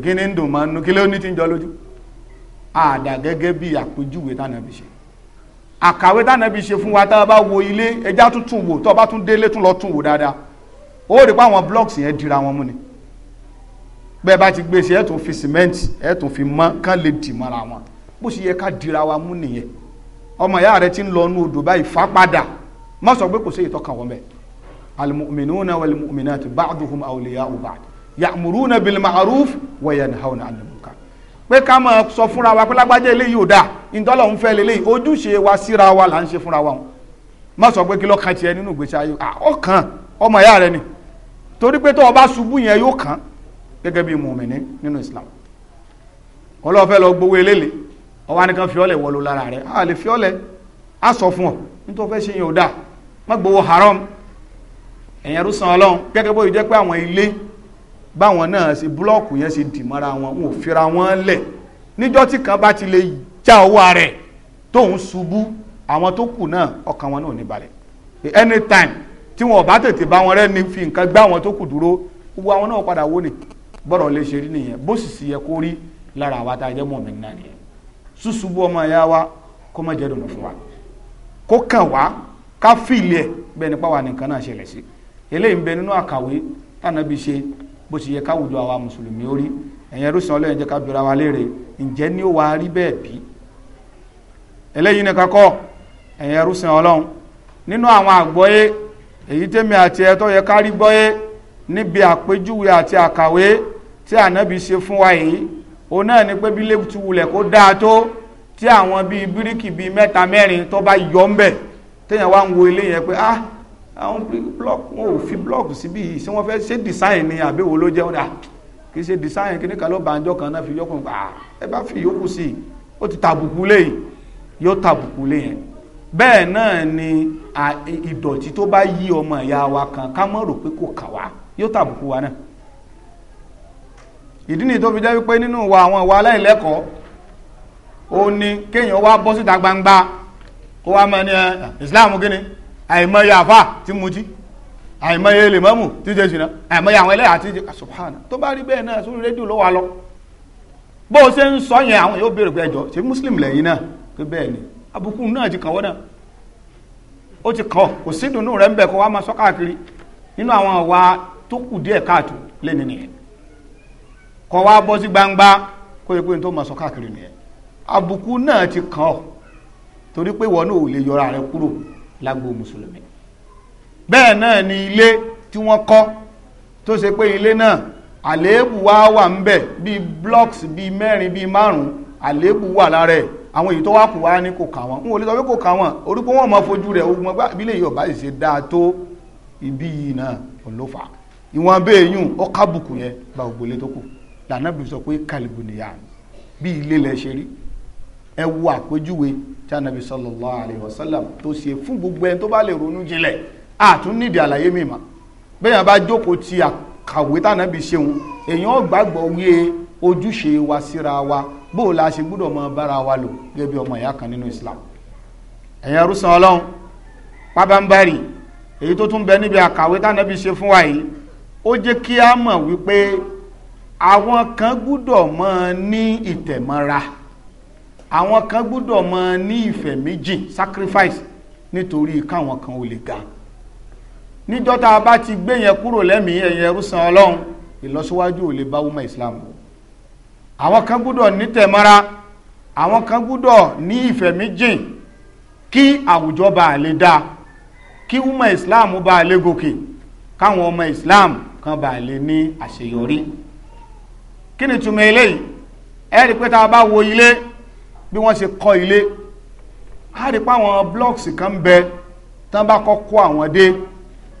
ń dùn àdà àpèjúwe tánà àkàwé tánàbí ṣe fún wa tá a bá wo ilé ẹja tún tún wò tó o bá tún délé tún lọ tún wò dáadáa ó rí pé àwọn blocks yẹn dira wọn mú ni bẹ́ẹ̀ bá ti gbèsè e ẹ̀ tún fi cement ẹ̀ tún fi mọ́ kán lè dì mọ́ra wọn bó ṣe yẹ ká dira wa mú nìyẹn ọmọ ìyá rẹ ti ń lọ inú odò báyìí fà padà má sọ pé kò sí ìtọ́kàn wọn bẹ́ẹ̀ al-mu'minuna wal-mu'minatu ba'duhum awliya'u ba'd ya'muruna bil-ma'ruf wa yanhauna 'anil munkar pé ká máa sọ fúnra wa pé lágbájá eléyìí ò dáa ìtọ́lọ̀ ń fẹ́ lélẹ̀ ojúṣe wa síra wa là ń ṣe fúnra wa wọn má sọ pé kí lọ́kàn tiẹ̀ nínú ìgbésí ayé ọkàn ọmọ ìyá rẹ ni torí pé tó o bá ṣubú yẹn yóò kàn gẹ́gẹ́ bí mùmìnì nínú Islam ọlọ́ọ̀ fẹ́ lọ gbowó eléle ọwọ́ anìkan fiọ́lẹ̀ wọlé lára rẹ̀ a lè fiọ́lẹ̀ á sọ fún ọ nítorí fẹ́ ṣe yẹn ò dáa má gbowó haram ẹ̀yẹn rúsan ọlọ́run gẹ́gẹ́ bó jẹ́ pé àwọn ilé báwọn náà ṣe búlọ́ọ̀kù yẹn ṣe dì mọ́ra wọn wọn fira wọn lẹ̀ níjọ́ tí kan bá ti lè yìí já ọwọ́ rẹ̀ tóun ṣubú àwọn tó kù náà ọkàn wọn náà ní balẹ̀ anytime tí wọn bá tètè bá wọn rẹ ní fi nǹkan gbá àwọn tó kù dúró gbogbo àwọn náà padà wó ni bọ́rọ̀ lè ṣe rí nìyẹn bó sì sì yẹ kó rí lára àwa tá a jẹ́ mọ̀mí náà nìyẹn ṣùṣubú ọmọ ìyá wa kó má jẹ́ dùnú fún wa kó kàn wá ká fìlì ẹ̀ bẹ́ẹ̀ nípa wa nìkan náà ṣẹlẹ̀ sí eléyìí ń bẹ nínú àkàwé tànà bí ṣe bó sì yẹ káwùjọ àwa mùsùlùmí ó ẹ̀yẹn rúṣan ọlọ́yìn jẹ́ ká bira wa léèrè ǹjẹ́ ni ó wa rí bẹ́ẹ̀ bíi eléyìí nìkan kọ́ ẹ̀yin ẹrúsìn ọlọ́run nínú àwọn àgbọ́yé èyí tèmi àti ẹ tó yẹ kárí gbọ́yé níbi àpèjúwe àti àkàwé tí ànábì ṣe fún wa yìí òun náà ni pé bí lẹ́kùtù wulẹ̀ kó dáa tó tí àwọn bíi bíríkì bíi mẹ́ta mẹ́rin tó bá yọ ń bẹ̀ téèyàn wá ń wo ilé yẹn pé ah àwọn blọọkù wọn ò fi blọọkù síbí yìí ṣé wọ́n fẹ́ ṣe design ni àbẹ̀wò ló jẹ́ ọ̀dà ah, kì í ṣe design kí ní kan ló bá ń jọ kan náà fi yọkùn gbà ah, ẹ bá fi yókù sí i ó ti tàbùkù léyìí yóò tàbùkù lé yẹn bẹ́ẹ̀ náà ni ìdọ̀tí tó bá yí ọmọ ìyá wa kan ká mọ̀ rò pé kò kà wá yóò tàbùkù wa náà ìdí ni tó fi jẹ́ wípé nínú wa àwọn ìwà aláìlẹ́kọ̀ọ́ ó ní kéèyàn wá bọ́ síta gbangba kó wá máa ní Islam gíní àìmọye àfà tí mu jí àìmọye lèmọ́mù tí jẹ́ jìnnà àìmọye àwọn ẹlẹ́yà tí jẹ́ subhana tó bá rí bẹ́ẹ̀ náà sórí rédíò ló wà lọ bó o ṣe ń sọ yẹn àwọn yóò béèrè pé ẹjọ́ ṣe muslim lẹ́yìn náà pé bẹ́ẹ̀ ni abùkù náà ti kàn wọ́n náà ó ti kàn kò sí ìdùnnú rẹ̀ ń bẹ̀ kó wá máa sọ káàkiri nínú àwọn ọ̀wà tó kù díẹ̀ káàtó lẹ́ni nìyẹn kó wá bọ́ sí gbangba kó yẹ pé n tó máa sọ káàkiri nìyẹn abùkù náà ti kàn ọ́ torí pé wọn ò lè yọra rẹ kúrò lágbo mùsùlùmí bẹ́ẹ̀ náà ni ilé tí wọ́n kọ́ tó ṣe pé ilé náà àléébù wá wà ń bẹ̀ bíi blocks bíi mẹ́rin bíi márùn-ún àléébù wà lára ẹ̀ àwọn èyí tó wá kù wá ní kò kà wọ́n n ò lè sọ pé kò kà wọ́n orí pé wọ́n mọ fojú rẹ̀ ogun ọgbà ìbílẹ̀ yìí ọ̀bá ìṣe dáa tó ibi yìí náà olófà ìwọ̀n béèyàn ó kábùkù yẹn bá ògbólé tó kù lànàbì sọ pé kàlìbù nìyà bí ilé lẹ ṣe rí ẹ wo àpèjúwe tí anabi sallallahu alayhi wa sallam tó ṣe fún gbogbo ẹni tó bá lè ronú jinlẹ̀ àtún nídìí àlàyé mìíràn bẹ́ẹ̀ yẹn bá jókòó ti àkàwé tànàbì ṣeun èèyàn gbàgbọ́ wíyé ojúṣe wa síra wa bó la ṣe gbúdọ̀ mọ bára wa lò gẹ́gẹ́ bí ọmọ ìyá kan nínú Islam ẹ̀yin arúsàn ọlọ́run pábánbárì èyí tó tún bẹ níbi àkàwé tánàbí ṣe fún wa yìí ó jẹ́ kí a mọ̀ wípé àwọn kan gbúdọ̀ mọ ní ìtẹ̀mọ́ra àwọn kan gbúdọ̀ mọ ní ìfẹ́ méjì sacrifice nítorí káwọn kan ò lè ga níjọ́ tá a bá ti gbé yẹn kúrò lẹ́mìí ẹ̀yin ẹrúsàn ọlọ́run ìlọsíwájú ò lè bá wúmọ̀ Islam o àwọn kan gbúdọ̀ nítẹ̀mọ́ra àwọn kan gbúdọ̀ ní ìfẹ̀míjìn kí àwùjọ bá lè dáa kí umar islam bá lè gòkè káwọn ọmọ islam kan bá lè ní àṣeyọrí kí ni túmọ̀ eléyìí ẹ rí pé tá a bá wo ilé bí wọ́n ṣe kọ́ ilé a rí pé àwọn blocks kan bẹ tán bá kọ́ kó àwọn dé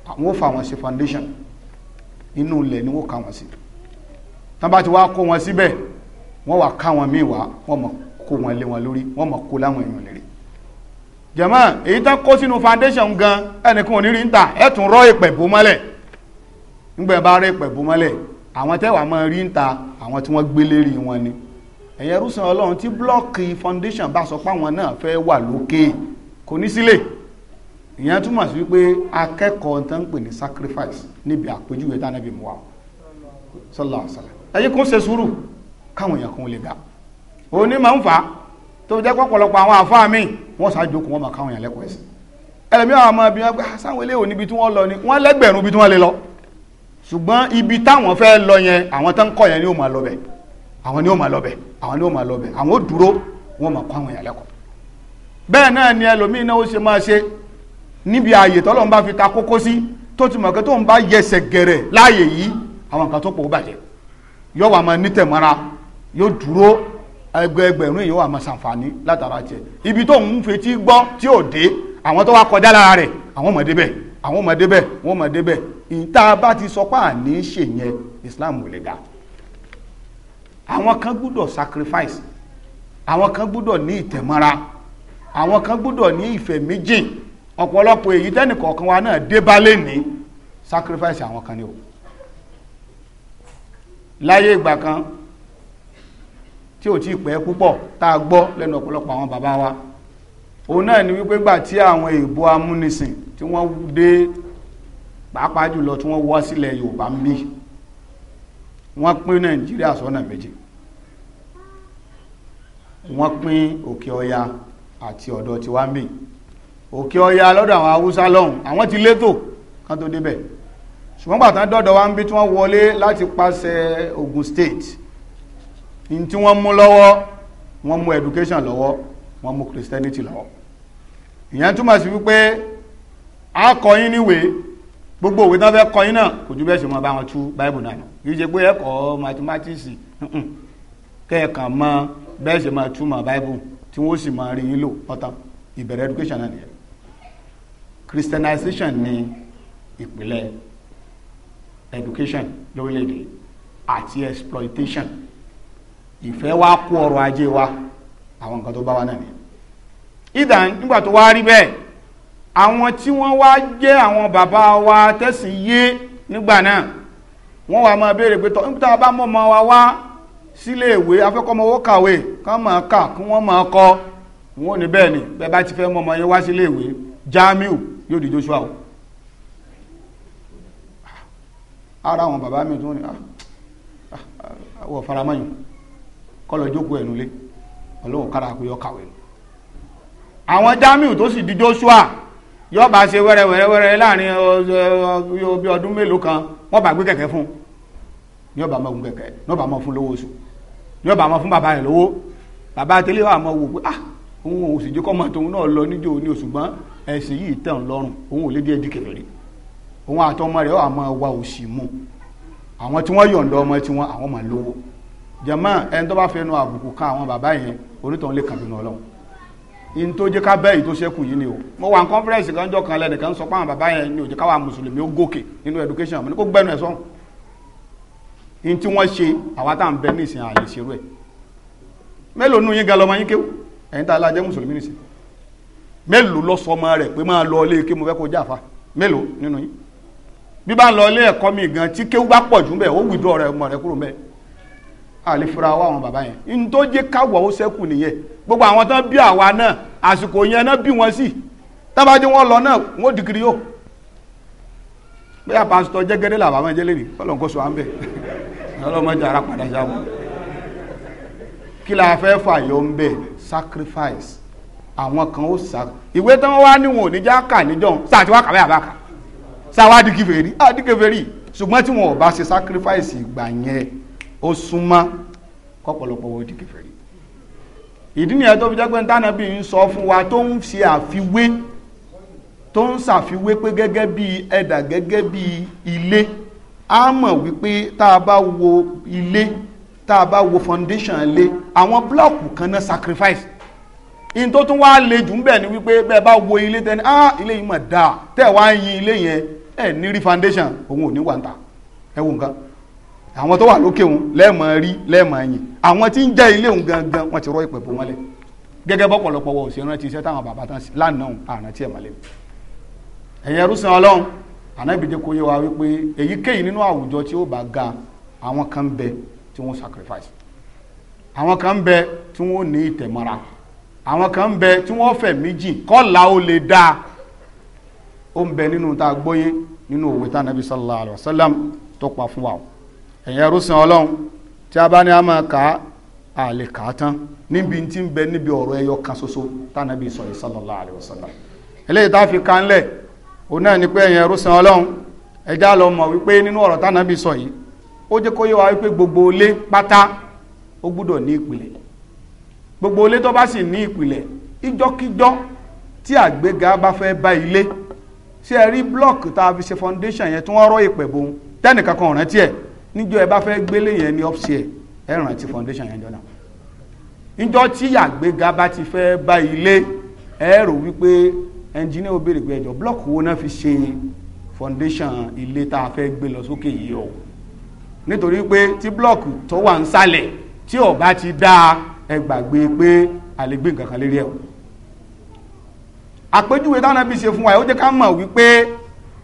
àwọn ò fà wọn ṣe foundation inú ilẹ̀ ni wọ́n kà wọ́n sí tán bá ti wá kó wọn síbẹ̀ si wọ́n wà ká wọn míì wá wọ́n mọ̀ kó wọn lé wọn lórí wọ́n mọ̀ kó láwọn èèyàn lérí jẹ̀mọ́ èyí tán kó sínú foundation gan ẹnìkan ò ní rí ń ta ẹ tún rọ́ ìpẹ̀ bó mọ́lẹ̀ nígbà bá rọ́ ìpẹ̀ bó mọ́lẹ̀ àwọn tẹ́wàá máa rí ń ta àwọn tí wọ́n gbé lérí wọn ni ẹ̀yẹ rúsan ọlọ́run tí blọ́ọ̀kì foundation bá sọ pé àwọn náà fẹ́ wà lókè kò ní sílẹ̀ ìyẹn túmọ̀ sí wípé akẹ́kọ̀ọ́ tó ń pè ní sacrifice níbi àpèjúwe tánàbí mu wa sọlá ọ̀sálà ẹ̀yẹ kó ṣe sùúrù káwọn èèyàn kan lè gbà òní máa ń fà á tó jẹ́ pọ̀pọ̀lọpọ̀ àwọn àfáà míì wọ́n ṣàjòkó wọn máa káwọn èèyàn lẹ́kọ̀ọ́ ẹ̀sìn ẹlẹ́mí àwọn ọmọ abiyàn pé ah, sáwọn eléyìí níbi tí wọ́n lọ ni wọ́n lẹ́gbẹ̀rún ibi tí wọ́n lè lọ ṣùgbọ́n ibi táwọn fẹ́ lọ yẹn àwọn tó ń kọ̀ yẹn ni ó máa lọ bẹ̀ àwọn ni ó máa lọ bẹ̀ àwọn ni ó máa lọ bẹ̀ dúró wọ́n máa kọ́ àwọn èèyàn lẹ́kọ̀ọ́ bẹ́ẹ̀ náà ni ẹlòmíín náà ó ṣe máa ṣe níbi ààyè tọ́lọ́run bá fi ta kókó sí tó ti mọ̀ pé tóun bá yẹsẹ̀ gẹ̀rẹ̀ láàyè yìí àwọn nǹkan tó pọ̀ ó bàjẹ́ yọ̀wọ̀ àmọ́ nítẹ̀mọ́ra yóò dúró ẹgbẹẹgbẹ̀rún èèyàn wà máa ṣàǹfààní látara tiẹ̀ ibi tó ń fetí gbọ́ tí ò dé àwọn tó wá kọjá lára rẹ̀ àwọn mọ̀ débẹ̀ àwọn mọ̀ débẹ̀ wọ́n mọ̀ débẹ̀ ìta bá ti sọ pé àní ṣe yẹn Islam ò lè dá àwọn kan gbúdọ̀ sacrifice àwọn kan gbúdọ̀ ní ìtẹ̀mọ́ra àwọn kan gbúdọ̀ ní ìfẹ́ méjì ọ̀pọ̀lọpọ̀ èyí tẹ́nì kọ̀ọ̀kan wa náà dé bá lè sacrifice àwọn kan ni o láyé ìgbà kan tí ò tí pẹ́ púpọ̀ tá a gbọ́ lẹ́nu ọ̀pọ̀lọpọ̀ àwọn bàbá wa òun náà ni wípé gbà tí àwọn èèbó amúnisìn tí wọ́n dé pàápàá jùlọ tí wọ́n wọ́ sílẹ̀ Yorùbá ń bí wọ́n pín Nàìjíríà sọ́nà méjì wọ́n pín òkè ọya àti ọ̀dọ̀ tiwa ń bí òkè ọya lọ́dọ̀ àwọn Haúsá lọ́hùn àwọn ti létò kan tó débẹ̀ ṣùgbọ́n gbà tán dọ́dọ̀ wa ń bí tí wọ́n wọlé láti pàṣẹ Ogun State in tí wọ́n mú lọ́wọ́ wọ́n mú education lọ́wọ́ wọ́n mú christianity lọ́wọ́ ìyẹn túmọ̀ sí wípé a kọ yín níwèé gbogbo òwe tán fẹ́ kọ yín náà kò ju bẹ́ẹ̀ ṣe mọ bá wọn tú bible náà kì í ṣe pé ẹ̀kọ́ mathematics kẹ́ẹ̀kan mọ bẹ́ẹ̀ ṣe máa túmọ̀ bible tí wọ́n sì máa rí yín lò ọ̀tán ìbẹ̀rẹ̀ education náà nìyẹn christianization ni ìpìlẹ̀ education lórílẹ̀‐èdè àti exploitation ìfẹ́ wa kó ọrọ̀ ajé wa àwọn nǹkan tó bá wa náà ni ìdá nígbà tó wá rí bẹ́ẹ̀ àwọn tí wọ́n wá jẹ́ àwọn bàbá wa tẹ̀sìn yé nígbà náà wọ́n wá máa béèrè pé tọ́ nígbà bá mọ́ wa wá sílé ìwé afẹ́kọ́mọwó kàwé kán máa kà kí wọ́n máa kọ́ wọn ò ní bẹ́ẹ̀ ni bẹ́ẹ̀ bá ti fẹ́ mọ́ yẹn wá sílé ìwé Jamiu yóò di Joshua o ah, ara àwọn bàbá mi tó ní àwọ̀ ah, ah, faramáyùn kọlọ jókòó ẹnu lé ọlọ́run kára pé yọ kàwé lọ àwọn jamiu tó sì di joshua yọ bá ṣe wẹ́rẹ́ wẹ́rẹ́ wẹ́rẹ́ láàrin bí ọdún mélòó kan wọ́n bá gbé kẹ̀kẹ́ fún ní ọba máa gun kẹ̀kẹ́ ní ọba máa fún lówó oṣù ní ọba máa fún bàbá rẹ̀ lówó bàbá àtẹlẹ wa máa wò pé ah òun ò sì jẹ́ kọ́ máa tóun náà lọ níjó ní òṣùgbọ́n ẹ̀sìn yìí tẹ̀ lọ́rùn òun ò lé díẹ̀ dìkẹ̀ lórí òun àtọmọ rẹ̀ wà máa wá òṣì mu àwọn tí wọ́n yọ̀ǹda ọmọ tí wọ́n àwọn máa lówó jẹ̀mọ́ ẹni tó bá fẹnu àbùkù kan àwọn bàbá yẹn onítàn lè kàbínú ọlọ́run in tó jẹ́ ká bẹ́ẹ̀ tó ṣẹ́kù yìí ni o mo wà ní conference kan jọ kan lẹ́nìkan sọ pé àwọn bàbá yẹn ni ò jẹ́ káwa mùsùlùmí ó gòkè nínú education àmọ́ ní kó gbẹ́nu ẹ̀ sọ́n in tí wọ́n ṣe àwa tá à ń bẹ ní ìsìn àlè ṣerú ẹ̀ mélòó nínú yín ga lọ́mọ yín kéwú ẹ̀yin tá a la jẹ́ mùsùlùmí nìsín mélòó lọ sọmọ rẹ̀ pé máa lọ ilé kí mo fẹ́ kó jáfa mélòó nínú yín bí bá ń lọ ilé ẹ̀kọ́ mi gan tí kéwú bá pọ̀ jù bẹ́ẹ̀ ó withdraw rẹ̀ ọmọ rẹ̀ kúrò bẹ́ẹ̀ àlè fura wa àwọn bàbá yẹn n tó jẹ́ káwọ̀ ó sẹ́kù nìyẹn gbogbo àwọn tán bí àwa náà àsìkò yẹn náà bí wọn sí tábàdé wọn lọ náà wọn dìgírí yóò bóyá pásítọ̀ jẹ́gẹ́dẹ́ làbá máa jẹ́ lẹ́nu ọlọ́run kó sọ à ń bẹ̀ ọlọ́mọdé ara padà sábà kí la fẹ́ fàyọ̀ ń bẹ̀ sacrifice àwọn kan ó sá ìwé tán wá níwọ̀n oníjà kà níjọ́ sàtìwá kàwé àbáka sáwá dìkìfèrí àdìkìfèrí ṣùgbọ́n tí wọn ò bá ṣe sacrifice ìgbà yẹn ó súnmọ́ kọ́pọ̀lọpọ̀ owó di kèfèrí ìdí nìyẹn tó fi jẹ́ pé ntánàbí ń sọ fún wa tó ń ṣe àfiwé tó ń ṣàfiwé pé gẹ́gẹ́ bí ẹ̀dà gẹ́gẹ́ bí ilé a mọ̀ wípé tá a bá wo ilé tá a bá wo foundation ilé àwọn blọ́ọ̀kù kan náà sacrifice in tó tún wá le jù ń bẹ̀ ni wípé bẹ́ẹ̀ bá wo ilé tẹ́ni ah ilé yìí mà dáa tẹ́ wá ń yin ilé yẹn ẹ̀ ní rí foundation òun ò ní wà ń ta ẹ wo nǹkan àwọn tó wà lókè òun lẹ́ẹ̀mọ rí lẹ́ẹ̀mọ yìn àwọn tí ń jẹ́ ilé òun gangan wọ́n ti rọ ìpè bò mọ́lẹ̀ gẹ́gẹ́ bọ́pọ̀lọpọ̀ wọ̀ òsì ti iṣẹ́ táwọn bàbá tán lánàá àrántí ẹ̀ mọ́lẹ̀ ẹ̀yẹ ọlọ́run kò yé wa wípé èyíkéyìí nínú àwùjọ tí ó bá ga àwọn kan bẹ tí wọ́n sacrifice àwọn kan bẹ tí wọ́n ní ìtẹ̀mọ́ra àwọn kan bẹ tí wọ́n a ẹ̀yin ẹrúsìn ọlọ́run tí a bá ní a máa kà á àlè kà tán níbi tí ń bẹ níbi ọ̀rọ̀ ẹyọ kan ṣoṣo tánàbí sọ yìí sallallahu alaihi eléyìí tá a fi ka ńlẹ̀ òun náà ni pé ẹ̀yin ẹrúsìn ọlọ́run ẹja lọ mọ̀ wípé nínú ọ̀rọ̀ tánàbí sọ yìí ó jẹ́ kó wípé gbogbo ilé pátá ó gbúdọ̀ ní gbogbo ilé tó bá sì ní ìpìlẹ̀ tí àgbéga bá fẹ́ bá ilé ṣé ẹ rí blọọkì tá a fi ṣe foundation yẹn tí wọ́n níjọ́ ẹ bá fẹ́ gbélé yẹn ní upstairs ẹ rántí foundation yẹn jọ́nà níjọ́ tí àgbéga bá ti fẹ́ bá ilé ẹ rò wípé ẹnjìnìá ó béèrè pé ẹjọ́ blọọkù wo náà fi ṣe foundation ilé tá a fẹ́ gbé lọ sókè yìí o nítorí pé tí blọọkù tó wà ń sálẹ̀ tí ó bá ti dáa ẹ gbàgbé pé a lè gbé nǹkan kan lérí ẹ̀ o táwọn ẹbí ṣe fún wa ó jẹ́ ká mọ̀ wípé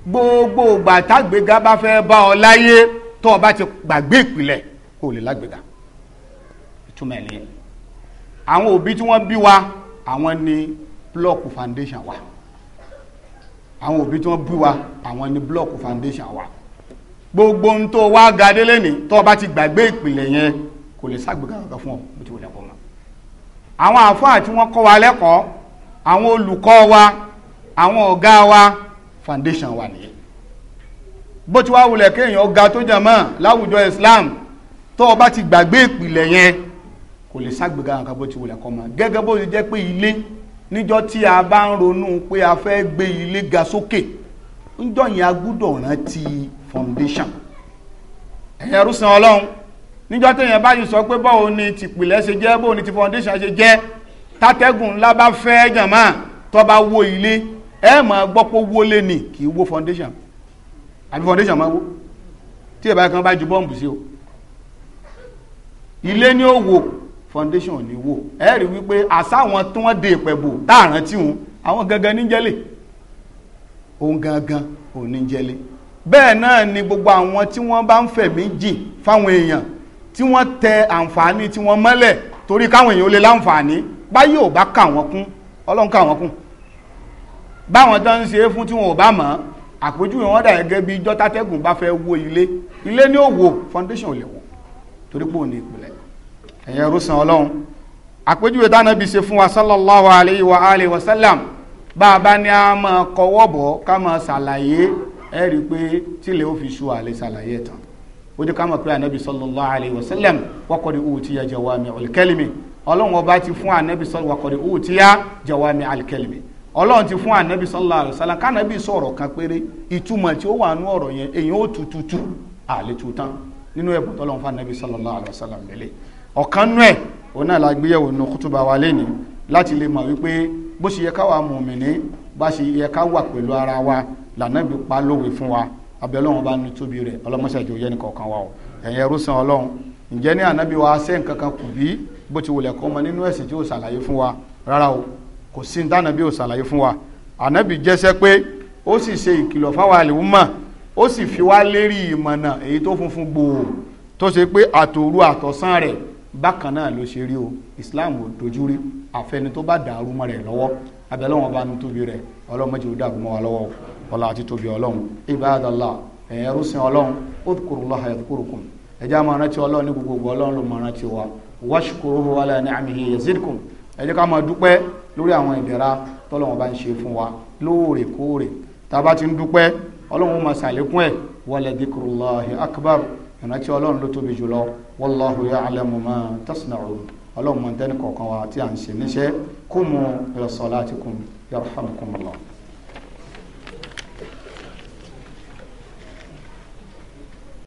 gbogbo ìgbà bá fẹ́ bá ọ láyé tó o bá ti gbàgbé ìpìlẹ̀ kó o lè lágbègà ìtumọ̀ ẹ̀ nìyẹn àwọn òbí tí wọ́n bí wa àwọn ni blọọkù foundation wa àwọn òbí tí wọ́n bí wa àwọn ni blọọkù foundation wa gbogbo ohun tó wá ga délé ní tó o bá ti gbàgbé ìpìlẹ̀ yẹn kò lè ságbègà kankan fún ọ bó ti wọlé ọkọ ma àwọn àfáà tí wọ́n kọ́ wa lẹ́kọ̀ọ́ àwọn olùkọ́ wa àwọn ọ̀gá wa foundation wa nìyẹn bó ti wá wulẹ̀ kéèyàn ọ̀gá tó jàmọ́ láwùjọ Islam tó o bá ti gbàgbé ìpìlẹ̀ yẹn kò lè ságbèga nǹkan bó ti wulẹ̀ kọ́ mọ́ gẹ́gẹ́ bó ti jẹ́ pé ilé níjọ́ tí a bá ń ronú pé a fẹ́ gbé ilé ga sókè níjọ́ yẹn a gbúdọ̀ rántí foundation ẹ̀yẹ rúsan ọlọ́run níjọ́ téèyàn báyìí sọ pé báwo ni tìpìlẹ̀ ṣe jẹ́ báwo ni ti foundation ṣe jẹ́ tátẹ́gùn ńlá bá fẹ́ jàmọ́ tó bá wó ilé ẹ̀ máa gbọ́ pé wó lé ni kì í wó foundation àbí foundation máa wó tí ìbá kan bá ju bọ́ǹbù sí o ilé ni ó wò foundation ò ní wò ẹ rí wípé àsáwọn tí wọ́n dé ìpẹ̀bù táàrán tí wọn àwọn gangan ní jẹ́lẹ̀ òun gangan ò ní jẹ́lẹ̀ bẹ́ẹ̀ náà ni gbogbo àwọn tí wọ́n bá ń fẹ̀mí jìn fáwọn èèyàn tí wọ́n tẹ àǹfààní tí wọ́n mọ́lẹ̀ torí káwọn èèyàn ó lè láǹfààní báyìí ò bá kà wọ́n kún ọlọ́run kà wọ́n kún báwọn tó ń ṣe é fún tí wọn ò bá mọ̀ ọ́ àpèjúwe wọn dà gẹ́gẹ́ bí ijọ́ tátẹ́gùn bá fẹ́ wó ilé ilé ní ó foundation ò lè wò torí pé òun ní ìpìlẹ̀ ẹ̀yẹ rúsan ọlọ́run àpèjúwe táwọn ẹbí ṣe fún wa sallallahu alayhi wa alayhi wa sallam bá a bá ní a máa kọwọ́ bọ̀ ká máa ṣàlàyé ẹ rí i pé tílẹ̀ ó fi ṣu àlè ṣàlàyé tán ó dé ká mọ̀ pé ànábì sallallahu alayhi wa sallam waqad utiya jawami'ul kalimi ọlọ́run ọba ti fún ànábì sallallahu waqad utiya jawami'ul kalimi ọlọ́run ti fún ànábì sallallahu alaihi wasallam kánábì sọ̀rọ̀ kan péré ìtumọ̀ tí ó wà nú ọ̀rọ̀ yẹn èyàn ó tututu àletú tán nínú ẹ̀bùn tọ́lọ́run fún ànábì sallallahu alaihi wasallam lélẹ̀ ọ̀kan nú ẹ̀ òun náà la gbéyẹ̀wò nù kútùbà wa lẹ́ni láti lè mọ̀ wípé bó ṣe yẹ ká wà mùmìnì bá ṣe yẹ ká wà pẹ̀lú ara wa lànàbì pa lówe fún wa abẹ́lọ́run bá nu tóbi rẹ̀ ọlọ́mọṣẹ́jọ yẹn ní kọ̀ọ̀kan wa o ẹ̀yin ẹrú san ọlọ́run wa ṣe nǹkan kan kù bí bó ti wulẹ̀ kọ́ mọ kò sí ní tànàbí ò ṣàlàyé fún wa ànábì jẹ́sẹ́ pé ó sì ṣe ìkìlọ̀ fáwọn àlèwúmọ̀ ó sì fi wá lérí ìmọ̀nà èyí tó funfun gbòò tó ṣe pé àtòru àtọ̀sán rẹ̀ bákan náà ló ṣe rí o Islam ò dojú rí àfẹni tó bá dàrú mọ́ rẹ̀ lọ́wọ́ abẹ́lẹ́wọ̀n bá ní tóbi rẹ̀ ọlọ́run mọ́jọ́ dàrú mọ́ wa lọ́wọ́ ọlá àti tóbi ọlọ́run ibadallah ẹ̀yẹ rúsìn ọlọ́run udhkurullaha yadhkurukum ẹjẹ́ máa rántí ọlọ́run ní gbogbogbò ọlọ́run ló máa rántí wa washkuruhu ala ni'amihi lórí àwọn ìdẹ̀ra tọ́lọ́wọ́n bá ń ṣe fún wa lóòrèkóòrè tá a bá ti ń dúpẹ́ ọlọ́run máa ṣàlékún ẹ̀ wala dhikrullahi akbar ìrántí ọlọ́run ló tóbi jùlọ wallahu ya'lamu ma tasna'un ọlọ́run mọ̀ tẹ́nì kọ̀ọ̀kan wa tí à ń ṣe níṣẹ́ kumu ila salatikum yarhamukumullah.